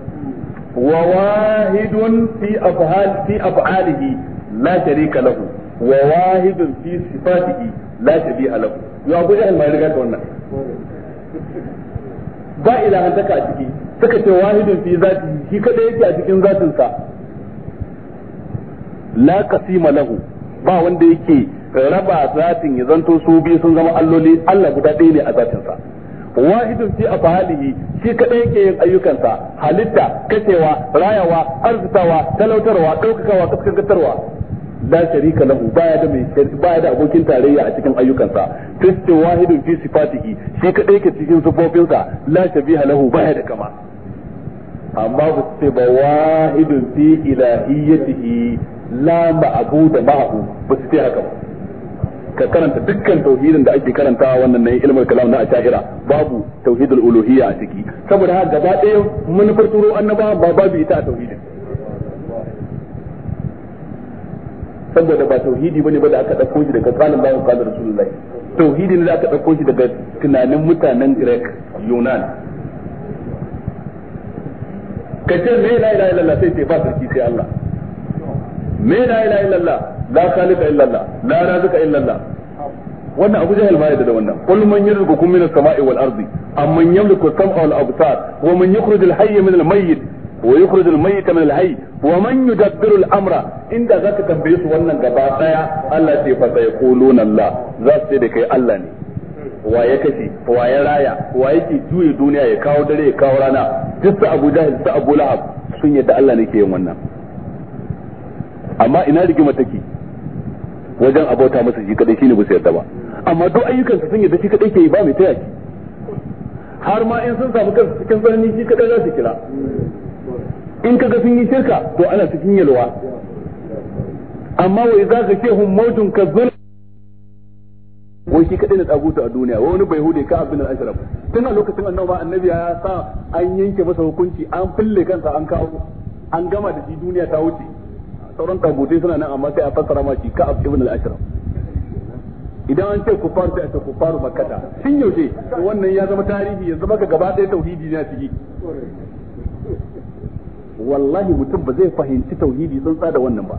wa wahidun fi af'al la sharika lahu wa wahidun la riga wannan ba ilahantaka a ciki suka ce wahidin fi zati shi kada yake a cikin zatin sa la qasima lahu ba wanda yake raba zatin ya zanto su biyu sun zama alloli Allah guda ɗaya ne a zatin sa wahidun fi afalihi shi kadai yake yin ayyukansa halitta kacewa rayawa arzikawa, talautarwa daukakawa kaskantarwa la sharika lahu baya da mai baya da abokin tarayya a cikin ayyukansa fisti wahidun fi sifatihi shi kadai ke cikin sifofinsa la shabiha lahu baya da kama amma ba su ce ba wahidun fi ilahiyyatihi la da ma'ahu ba su ce haka ba ka karanta dukkan tauhidin da ake karanta wannan nan ilmul kalam na ashahira babu tauhidul uluhiyya a ciki saboda haka gaba ɗaya manufar turo annaba ba babu ita a tauhidin saboda ba tauhidi bane ba da aka dauko shi daga kalin bayan kalin rasulullahi tauhidi ne da aka dauko shi daga tunanin mutanen grek yunan ka ce me la ilaha illallah sai ce ba sarki sai Allah me la ilaha illallah la khaliqa illallah la razika illallah wannan abu jahil ma yadda da wannan qul man yarzuqukum min as-sama'i wal ardi amman yamliku as-sam'a wal absar wa man yukhrij al min al-mayyit wa yukhrij al-mayyit min al-hayy wa man yudabbiru al-amra inda zaka tambaye su wannan gaba daya Allah ce fa sayquluna Allah za da kai Allah ne wa ya kashe wa ya raya wa yake juye duniya ya kawo dare ya kawo rana duk su Abu Jahil su Abu Lahab sun yadda Allah ne ke yin wannan amma ina rigima take wajen abota masa shi kadai shine ba su yarda ba amma duk ayyukan su sun yadda shi kadai ke yi ba mai taya shi har ma in sun samu kansu cikin tsanani shi kadai za su kira in kaga sun yi shirka to ana cikin yalwa amma wai za ka ce hun mautun ka zulma wai shi kadai na tsagutu a duniya wai wani bai hude ka abin al-ashraf tun a lokacin annabi ba annabi ya sa an yanke masa hukunci an fille kansa an kawo an gama da shi duniya ta wuce sauran tagutai suna nan amma sai a fassara ma shi ka abin al-ashraf idan an ce kufar sai a ce kufaru makkata sun yaushe wannan ya zama tarihi ya zama ka gaba ɗaya tauhidi a ciki wallahi mutum ba zai fahimci tauhidi tsantsa da wannan ba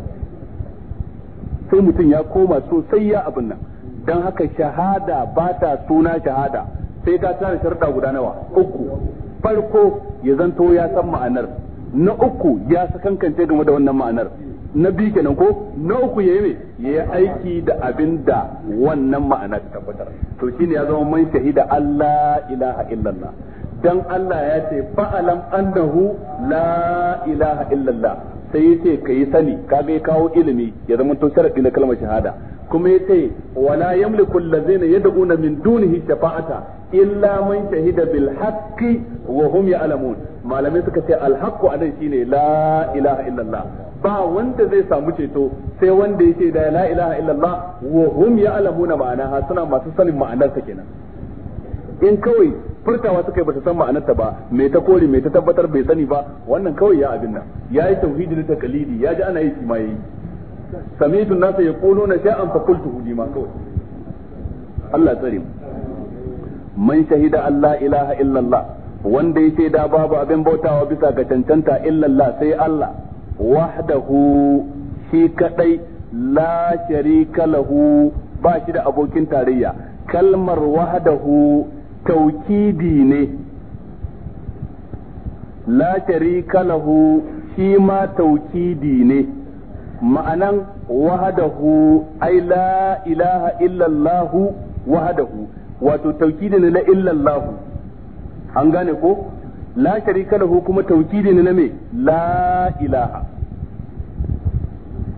sai mutum ya koma sosai ya abin nan don haka shahada ba ta suna shahada sai ta tsara sharda guda nawa uku farko ya zanto ya san ma'anar na uku ya sakankance game da wannan ma'anar na biyu kenan ko na uku ya yi ya aiki da abin da wannan ma'ana ta tabbatar to shine ya zama man shahida Allah ilaha illallah dan Allah ya ce fa'alam annahu la ilaha illallah sai yace kai sani ka ya kawo ilimi ya zama to sharadi na kalmar shahada kuma ce wala yamliku allazina yad'una min dunihi shafa'ata illa man shahida bil haqqi wa hum ya'lamun malamai suka ce al haqqu anan shine la ilaha illallah ba wanda zai samu ceto sai wanda yake da la ilaha illallah wa hum ma'ana ha suna masu sanin ma'anar ta kenan in kawai furtawa suka yi ta san ma'anar ta ba mai ta kore mai ta tabbatar bai sani ba wannan kawai ya abin nan ya yi tauhidi da takalidi ya ji ana yi shi yayi sami'tu ya nasa na sha'an fakultu hudu ma kawai Allah tsari man shahida Allah ilaha illallah wanda ya ce da babu abin bautawa bisa ga cancanta illallah sai Allah wahdahu shi kadai la sharika lahu ba shi da abokin tarayya kalmar wahdahu taukidi ne la sharika lahu shi ma taukidi ne ma'anan wahadahu ai la ilaha illallahu wahadahu wato taukidi ne na illallahu an gane ko la sharika lahu kuma taukidi ne na me la ilaha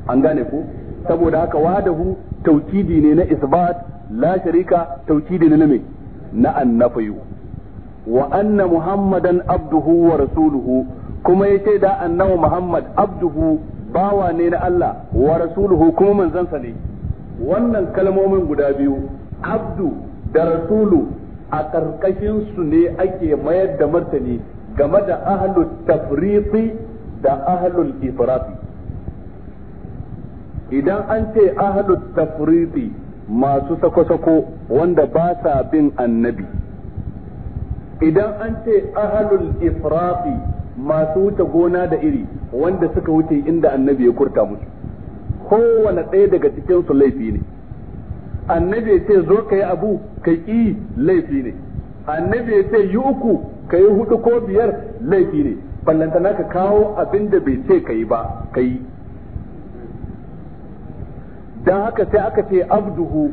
an gane ko saboda haka wahadahu taukidi ne na isbat la sharika taukidi ne na me na annafayu wa anna muhammadan abduhu wa rasuluhu kuma yace da annabi muhammad abduhu bawa ne na Allah wa rasuluhu kuma manzansa ne wannan kalmomin guda biyu abdu da rasulu a ƙarƙashin su ne ake mayar da martani game da ahlul tafriqi da ahlul ifrati idan an ce ahlul tafriqi masu sako-sako wanda ba sa bin annabi idan an ce ahlul ifrati masu wuce gona da iri wanda suka wuce inda annabi ya kurta musu kowane ɗaya daga cikin su laifi ne annabi ya ce zo ka yi abu ka ƙi laifi ne annabi ya ce yi uku ka yi hudu ko biyar laifi ne ballantana ka kawo abin da bai ce ka yi ba ka yi don haka sai aka ce abduhu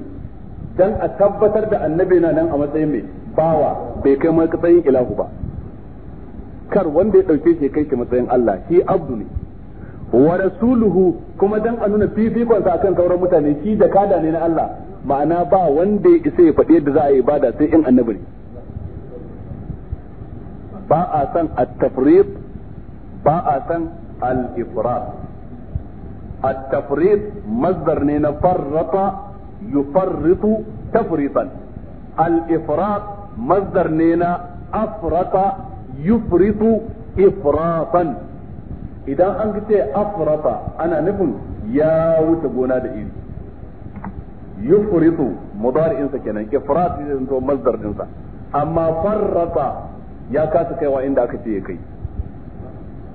don a tabbatar da annabi na nan a matsayin mai bawa bai kai matsayin ilahu ba kar wanda ya dauke shi kai matsayin Allah shi abdu ne wa rasuluhu kuma dan a nuna fifikon sa akan sauran mutane shi da kada ne na Allah ma'ana ba wanda ya isa ya faɗi yadda za a yi ibada sai in annabi ne ba a san at-tafriq ba a san al-ifrat التفريط مصدر نينا فرط يفرط تفريطا الافراط مصدر نينا yufritu ifratan idan an ce afrata ana nufin ya wuce gona da iri yufritu mudari'insa kenan ifrat ne zanto masdar dinsa amma farrata ya kasa kaiwa inda aka ce ya kai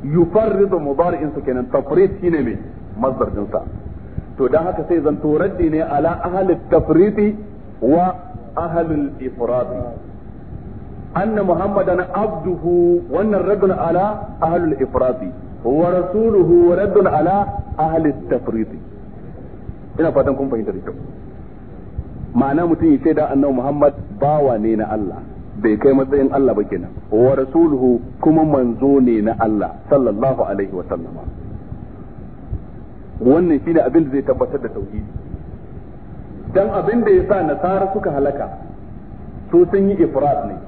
yufarridu mudari'insa kenan tafrid shine mai masdar dinsa to dan haka sai zanto raddi ne ala ahli tafriti wa ahli ifrati anna muhammadan abduhu wannan raddun ala ahlul ifrati wa rasuluhu raddun ala ahli tafriti ina fatan kun fahimta da kyau ma'ana mutum ya shaida annabi muhammad bawa ne na Allah bai kai matsayin Allah ba kenan wa rasuluhu kuma manzo ne na Allah sallallahu alaihi wa sallama wannan shine abin da zai tabbatar da tauhidi dan abin da yasa nasara suka halaka su sun yi ifrat ne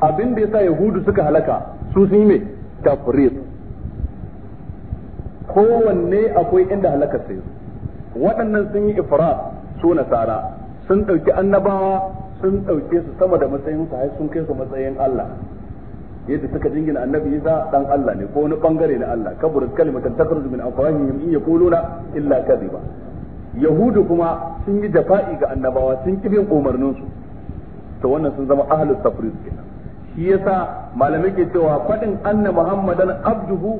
abin da yasa yahudu suka halaka su sun me tafriq kowanne akwai inda halakar sai waɗannan sun yi ifra su nasara sun ɗauki annabawa sun ɗauke su sama da matsayin su har sun kai su matsayin Allah yadda suka jingina annabi Isa ɗan Allah ne ko wani bangare na Allah kaburat kalimatan takhruju min afwahihim in yaquluna illa kadhiba yahudu kuma sun yi jafa'i ga annabawa sun kibin umarnin su to wannan sun zama ahlus tafriq kenan shi yasa malamai ke cewa fadin anna muhammadan abduhu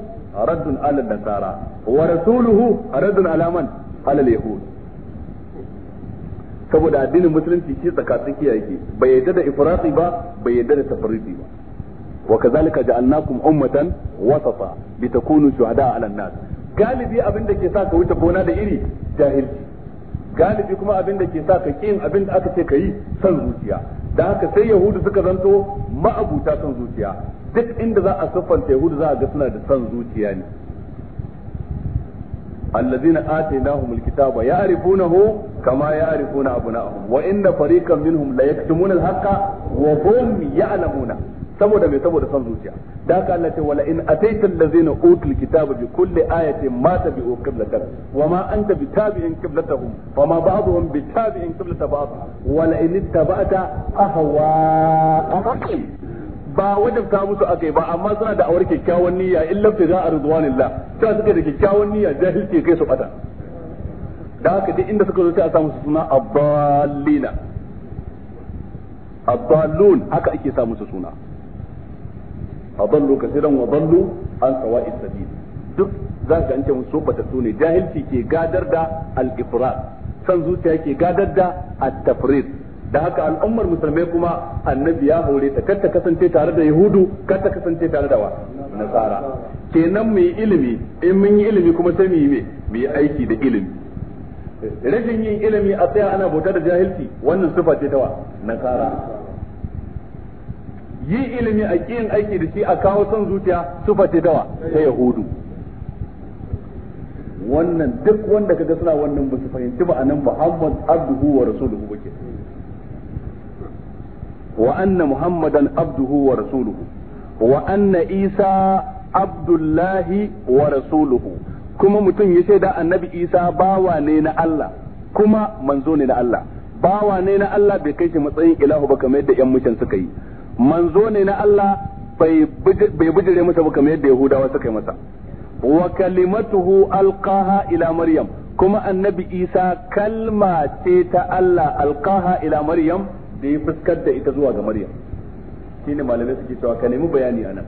raddun ala nasara wa rasuluhu raddun alaman ala yahud saboda addinin musulunci shi tsakatsakiya kiyaye bai yadda da ifrati ba bai yadda da tafriti ba wa kazalika ja'alnakum ummatan wasata litakunu shuhada 'ala nas galibi abin da ke sa ka wuce gona da iri jahilci galibi kuma abin da ke sa ka kin abin da aka ce ka yi san zuciya da haka sai yahudu suka zanto ma'abuta son zuciya duk inda za a siffanta yahudu za a ga suna da son zuciya ne allazina atainahum alkitaba ya'rifunahu kama ya'rifuna abna'ahum wa inna fariqan minhum la yaktumuna alhaqqa wa hum ya'lamuna ya saboda mai saboda son zuciya da haka Allah ce wala in ataita allazina utul kitaba bi kulli ayatin ma tabi'u qiblatak wa ma anta bitabi'in qiblatahum wa ma ba'dhum bitabi'in qiblata ba'd wala in ittaba'ta ahwa'ahum ba wajen wajabta musu akai ba amma suna da awar kyakkyawan niyya illa fi za'a ridwanillah sai suke da kyakkyawan niyya jahilci kai su bata da haka duk inda suka zo sai a samu suna abdallina abdallun haka ake samu suna adallu kaseeran wa dallu an sawa'is sabil duk za ka ce musu bata ne jahilci ke gadar da al-ifrat san zuciya ke gadar da at-tafrid da haka al'ummar musulmai kuma annabi ya hore ta kar ta kasance tare da yahudu kar ta kasance tare da wa nasara kenan mu yi ilimi in mun yi ilimi kuma sai mu yi me mu yi aiki da ilimi rashin yin ilimi a tsaya ana bauta da jahilci wannan sifa ce ta wa nasara yi ilimi a yin aiki da shi a kawo son zuciya sufa ce dawa ta yahudu wannan duk wanda kaga suna wannan ba su fahimci ba anan muhammad abduhu wa rasuluhu ba wa anna muhammadan abduhu wa rasuluhu wa anna isa abdullahi wa rasuluhu kuma mutum ya shaida annabi isa bawa ne na allah kuma manzo ne na allah bawa ne na allah bai kai shi matsayin ilahu ba kamar yadda yan mushan suka yi manzo ne na Allah bai bijire masa ba kamar yadda Yahudawa suka yi masa wa kalimatuhu alqaha ila maryam kuma annabi Isa kalma ce ta Allah alqaha ila maryam da ya fuskar da ita zuwa ga maryam shine malamai suke cewa ka nemi bayani anan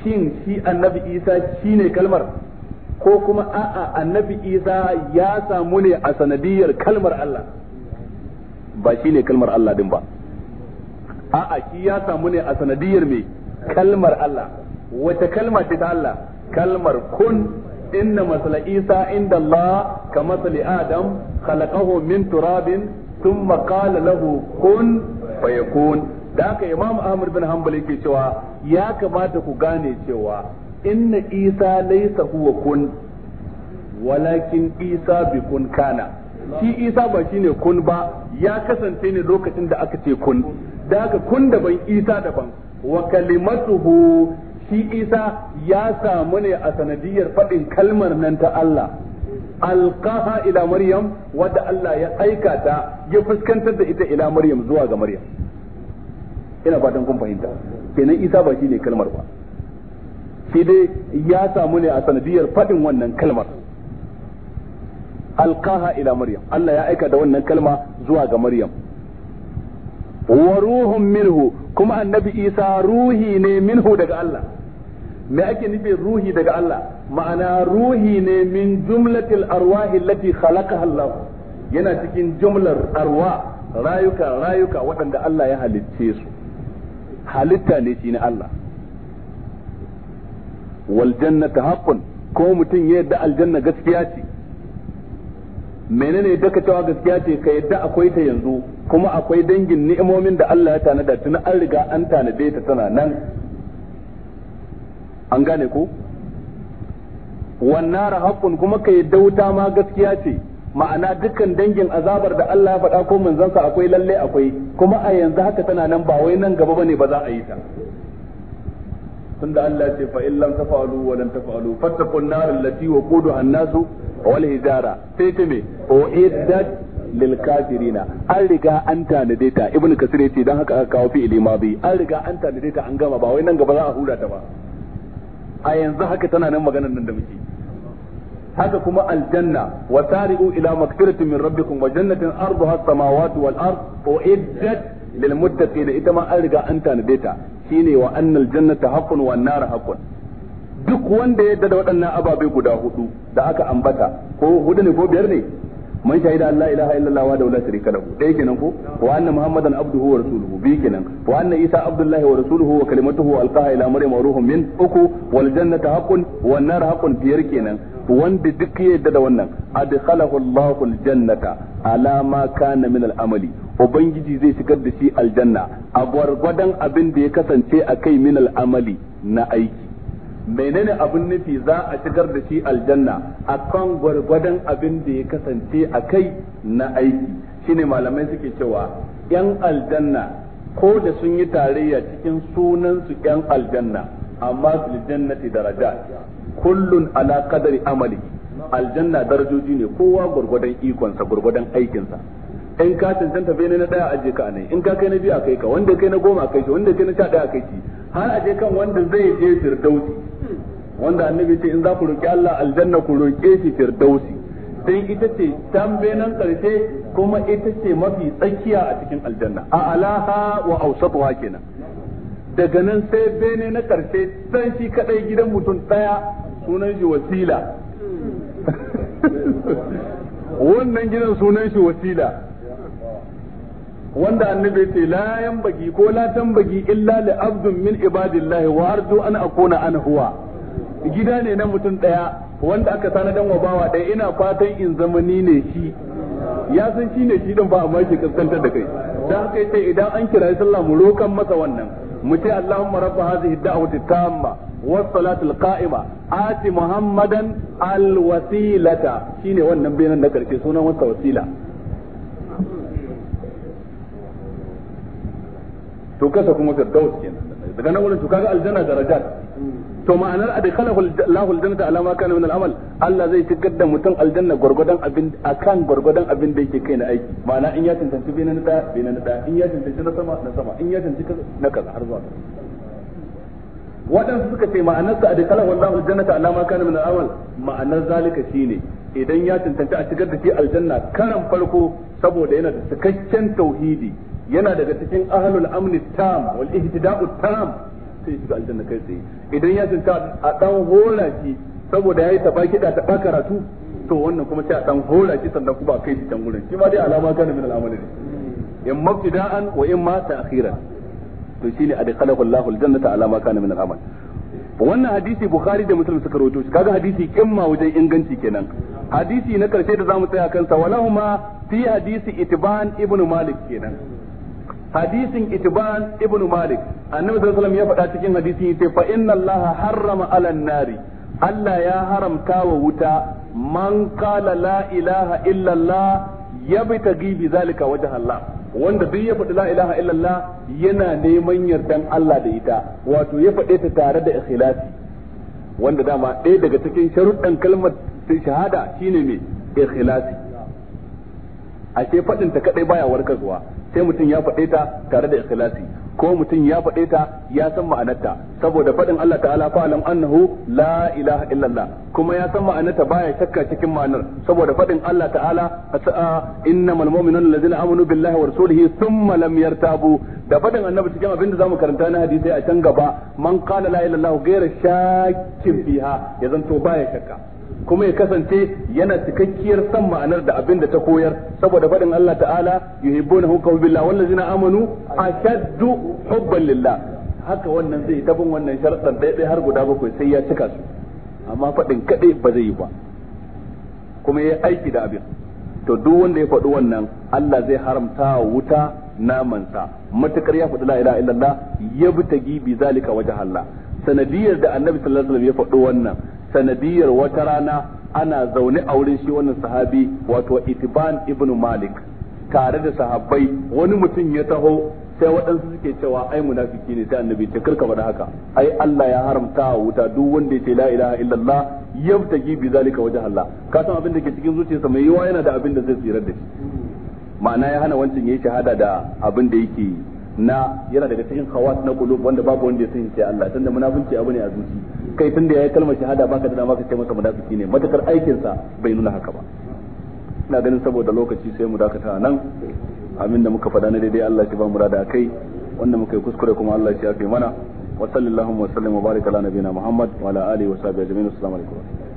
shin shi annabi Isa shine kalmar ko kuma a'a annabi Isa ya samu ne a sanadiyar kalmar Allah ba shine kalmar Allah din ba a'a shi ya samu ne a sanadiyar me kalmar Allah wace kalma ce ta Allah kalmar kun inna masala isa inda Allah ka masali adam khalaqahu min turabin thumma qala lahu kun fayakun da haka imam ahmad bin hanbal yake cewa ya kamata ku gane cewa inna isa laysa huwa kun walakin isa bi kun kana shi isa ba shi ne kun ba ya kasance ne lokacin da aka ce kun da aka kun daban isa daban wa kalimatuhu shi isa ya samu ne a sanadiyar faɗin kalmar nan ta Allah alqaha ila maryam wadda Allah ya aika ta ya fuskantar da ita ila maryam zuwa ga maryam ina fatan kun fahimta kenan isa ba shi ne kalmar ba shi dai ya samu ne a sanadiyar faɗin wannan kalmar alqaha ila maryam Allah ya aika da wannan kalma zuwa ga maryam wa ruhun minhu kuma annabi isa ruhi ne minhu daga Allah me ake nufi ruhi daga Allah ma'ana ruhi ne min jumlatil arwahi allati khalaqaha Allah yana cikin jumlar arwa rayuka rayuka waɗanda Allah ya halicce su halitta ne shi ne Allah wal jannatu haqqun ko mutum ya yadda aljanna gaskiya ce menene daka cewa gaskiya ce ka yadda akwai ta yanzu kuma akwai dangin ni'imomin da Allah ya tanada tun an riga an tanade ta tana nan an gane ko wannan haqqun kuma ka yadda wuta ma gaskiya ce ma'ana dukkan dangin azabar da Allah ya faɗa ko manzansa akwai lalle akwai kuma a yanzu haka tana nan ba wai nan gaba bane ba za a yi ta tunda Allah ce fa illam lam tafalu wa lan tafalu fattaqun nar allati waquduha an-nasu wal hijara sai ta me uiddat lil kafirina an riga an tanade ta ibn kasir yace dan haka aka kawo fi madi an riga an tanade ta an gama ba wai nan gaba za a hura ta ba a yanzu haka tana nan maganar nan da muke haka kuma aljanna wa tari'u ila magfiratin min rabbikum wa jannatin arduha as-samawati wal ard uiddat lil muttaqin ita ma an riga an tanade ta shine wa annal jannata haqqun wa nar haqqun duk wanda ya da waɗannan ababai guda hudu da aka ambata ko hudu ne ko biyar ne man shahida an la ilaha illallah wa la sharika lahu dai kenan ko wa anna muhammadan abduhu wa rasuluhu bi kenan wa anna isa abdullahi wa rasuluhu wa kalimatuhu alqaha ila maryam wa ruhum min uku wal jannatu haqqun wan nar haqqun biyar kenan wanda duk ya da wannan adkhalahu Allahu al-jannata ala ma kana min al-amali ubangiji zai shigar da shi aljanna a gwargwadon abin da ya kasance akai min amali na aiki menene abin nufi za a shigar da shi aljanna a kan gwargwadon abin da ya kasance a kai na aiki shine malamai suke cewa yan aljanna ko da sun yi tarayya cikin sunansu yan aljanna amma fil jannati daraja kullun ala kadari amali aljanna darajoji ne kowa gwargwadon ikonsa gwargwadon aikinsa in ka cancanta bai na daya aje ka ne in ka kai na biyu a kai ka wanda kai na goma a kai shi wanda kai na sha daya a kai shi har aje kan wanda zai je firdausi wanda annabi ce in za ku roki Allah aljanna ku roke shi firdausi sai ita ce tambe nan karshe kuma ita ce mafi tsakiya a cikin aljanna a alaha wa ausatuha kenan daga nan sai bene na karshe san shi kadai gidan mutum daya sunan shi wasila wannan gidan sunan shi wasila wanda annabi ya ce la yanbagi ko la tambagi illa li abdun min ibadillahi wa arju an akuna an huwa gida ne na mutum daya wanda aka sana dan wa bawa daya ina fatan in zama ni ne shi ya san shi ne shi din ba amma ke kaskantar da kai dan haka yace idan an kira sallah mu rokan masa wannan mu ce allahumma rabb hadhihi da'wati tamma ati muhammadan آت محمدا الوسيلة شيني وانا بينا نكر سونا وانت wasila. to kasa kuma firdaus kenan daga nan wurin to kaga aljanna darajat to ma'anar adkhalahu Allahu aljanna ala ma kana min al-amal Allah zai shigar da mutum aljanna gurgudan abin akan gurgudan abin da yake kai na aiki ma'ana in ya tantance bi na da bi na da in ya tantance na sama na sama in ya tantance na kaza har zuwa waɗansu suka ce ma'anar sa adkala wallahu aljannata ala ma kana min al-awwal ma'anar zalika shine idan ya tantance a shigar da shi aljanna karan farko saboda yana da cikakken tauhidi yana daga cikin ahlul amni tam wal ihtida'u tam sai shiga aljanna kai tsaye idan ya tantance a dan hora shi saboda yayi tafaki da taba karatu to wannan kuma sai a dan hora shi sannan kuma a kai shi can gurin shi ma dai alama kana min al-awwal in mabtida'an wa in ma ta'khiran to shine adkhalahu Allahu aljannata ala ma kana min al'amal wannan hadisi bukhari da muslim suka rawaito shi kaga hadisi kimma wajen inganci kenan hadisi na karshe da zamu tsaya kansa walahuma fi hadisi itban ibn malik kenan hadisin itban ibnu malik annabi sallallahu alaihi wasallam ya faɗa cikin hadisi yace fa inna allaha harrama ala nari Allah ya haramta wa wuta man qala la ilaha illa allah yabtaghi bi zalika wajha allah wanda duk ya faɗi la ilaha illallah yana neman yardan Allah da ita wato ya faɗe ta tare da ikhlasi wanda dama ɗaya daga cikin sharuɗan kalmar shahada shine mai ikhlasi ashe faɗin ta kadai baya warkarwa sai mutum ya faɗe ta tare da ikhlasi ko mutum ya faɗe ta ya san ma'anarta saboda faɗin Allah ta'ala fa'alam annahu la ilaha illallah kuma ya san ma'anarta baya shakka cikin ma'anar saboda faɗin Allah ta'ala innamal mu'minuna allazina amanu billahi wa rasulihi thumma lam yartabu da faɗin annabi cikin abin da zamu karanta na hadisi a can gaba man qala la ilaha illallah ghayra shakkin fiha ya zanto baya shakka kuma ya kasance yana cikakkiyar san ma'anar da abin da ta koyar saboda faɗin Allah ta'ala yuhibbuna hubbahu billah wallazina amanu ashaddu hubban lillah haka wannan zai tabin wannan sharɗan ɗaya har guda bakwai sai ya cika su amma faɗin kaɗai ba zai yi ba kuma ya aiki da abin to duk wanda ya faɗi wannan Allah zai haramta wuta namansa matukar ya faɗi la ilaha illallah ya bi ta gibi zalika wajen Allah sanadiyar da annabi sallallahu alaihi wasallam ya faɗi wannan sanadiyar wata rana ana zaune a wurin shi wannan sahabi wato itiban ibn malik tare da sahabbai wani mutum ya taho sai waɗansu suke cewa ai munafiki ne sai annabi ce karka faɗa haka ai Allah ya haramta a wuta duk wanda yake la ilaha illallah yabtagi bi zalika wajh Allah ka san abin da ke cikin zuciyarsa mai yawa yana da abin da zai tsira da shi ma'ana ya hana wancan yayi shahada da abin da yake na yana daga cikin khawas na qulub wanda babu wanda ya sani sai Allah tunda munafinci abu ne a zuci kai tun da yayi kalmar shahada baka da dama ka ce masa munafiki ne matakar aikin sa bai nuna haka ba ina ganin saboda lokaci sai mu dakata nan amin da muka faɗa na daidai Allah shi ba mu rada kai wanda muka yi kuskure kuma Allah shi ya mana wa sallallahu wa sallam wa baraka ala nabiyina Muhammad wa ala alihi wa sahbihi ajma'in assalamu alaikum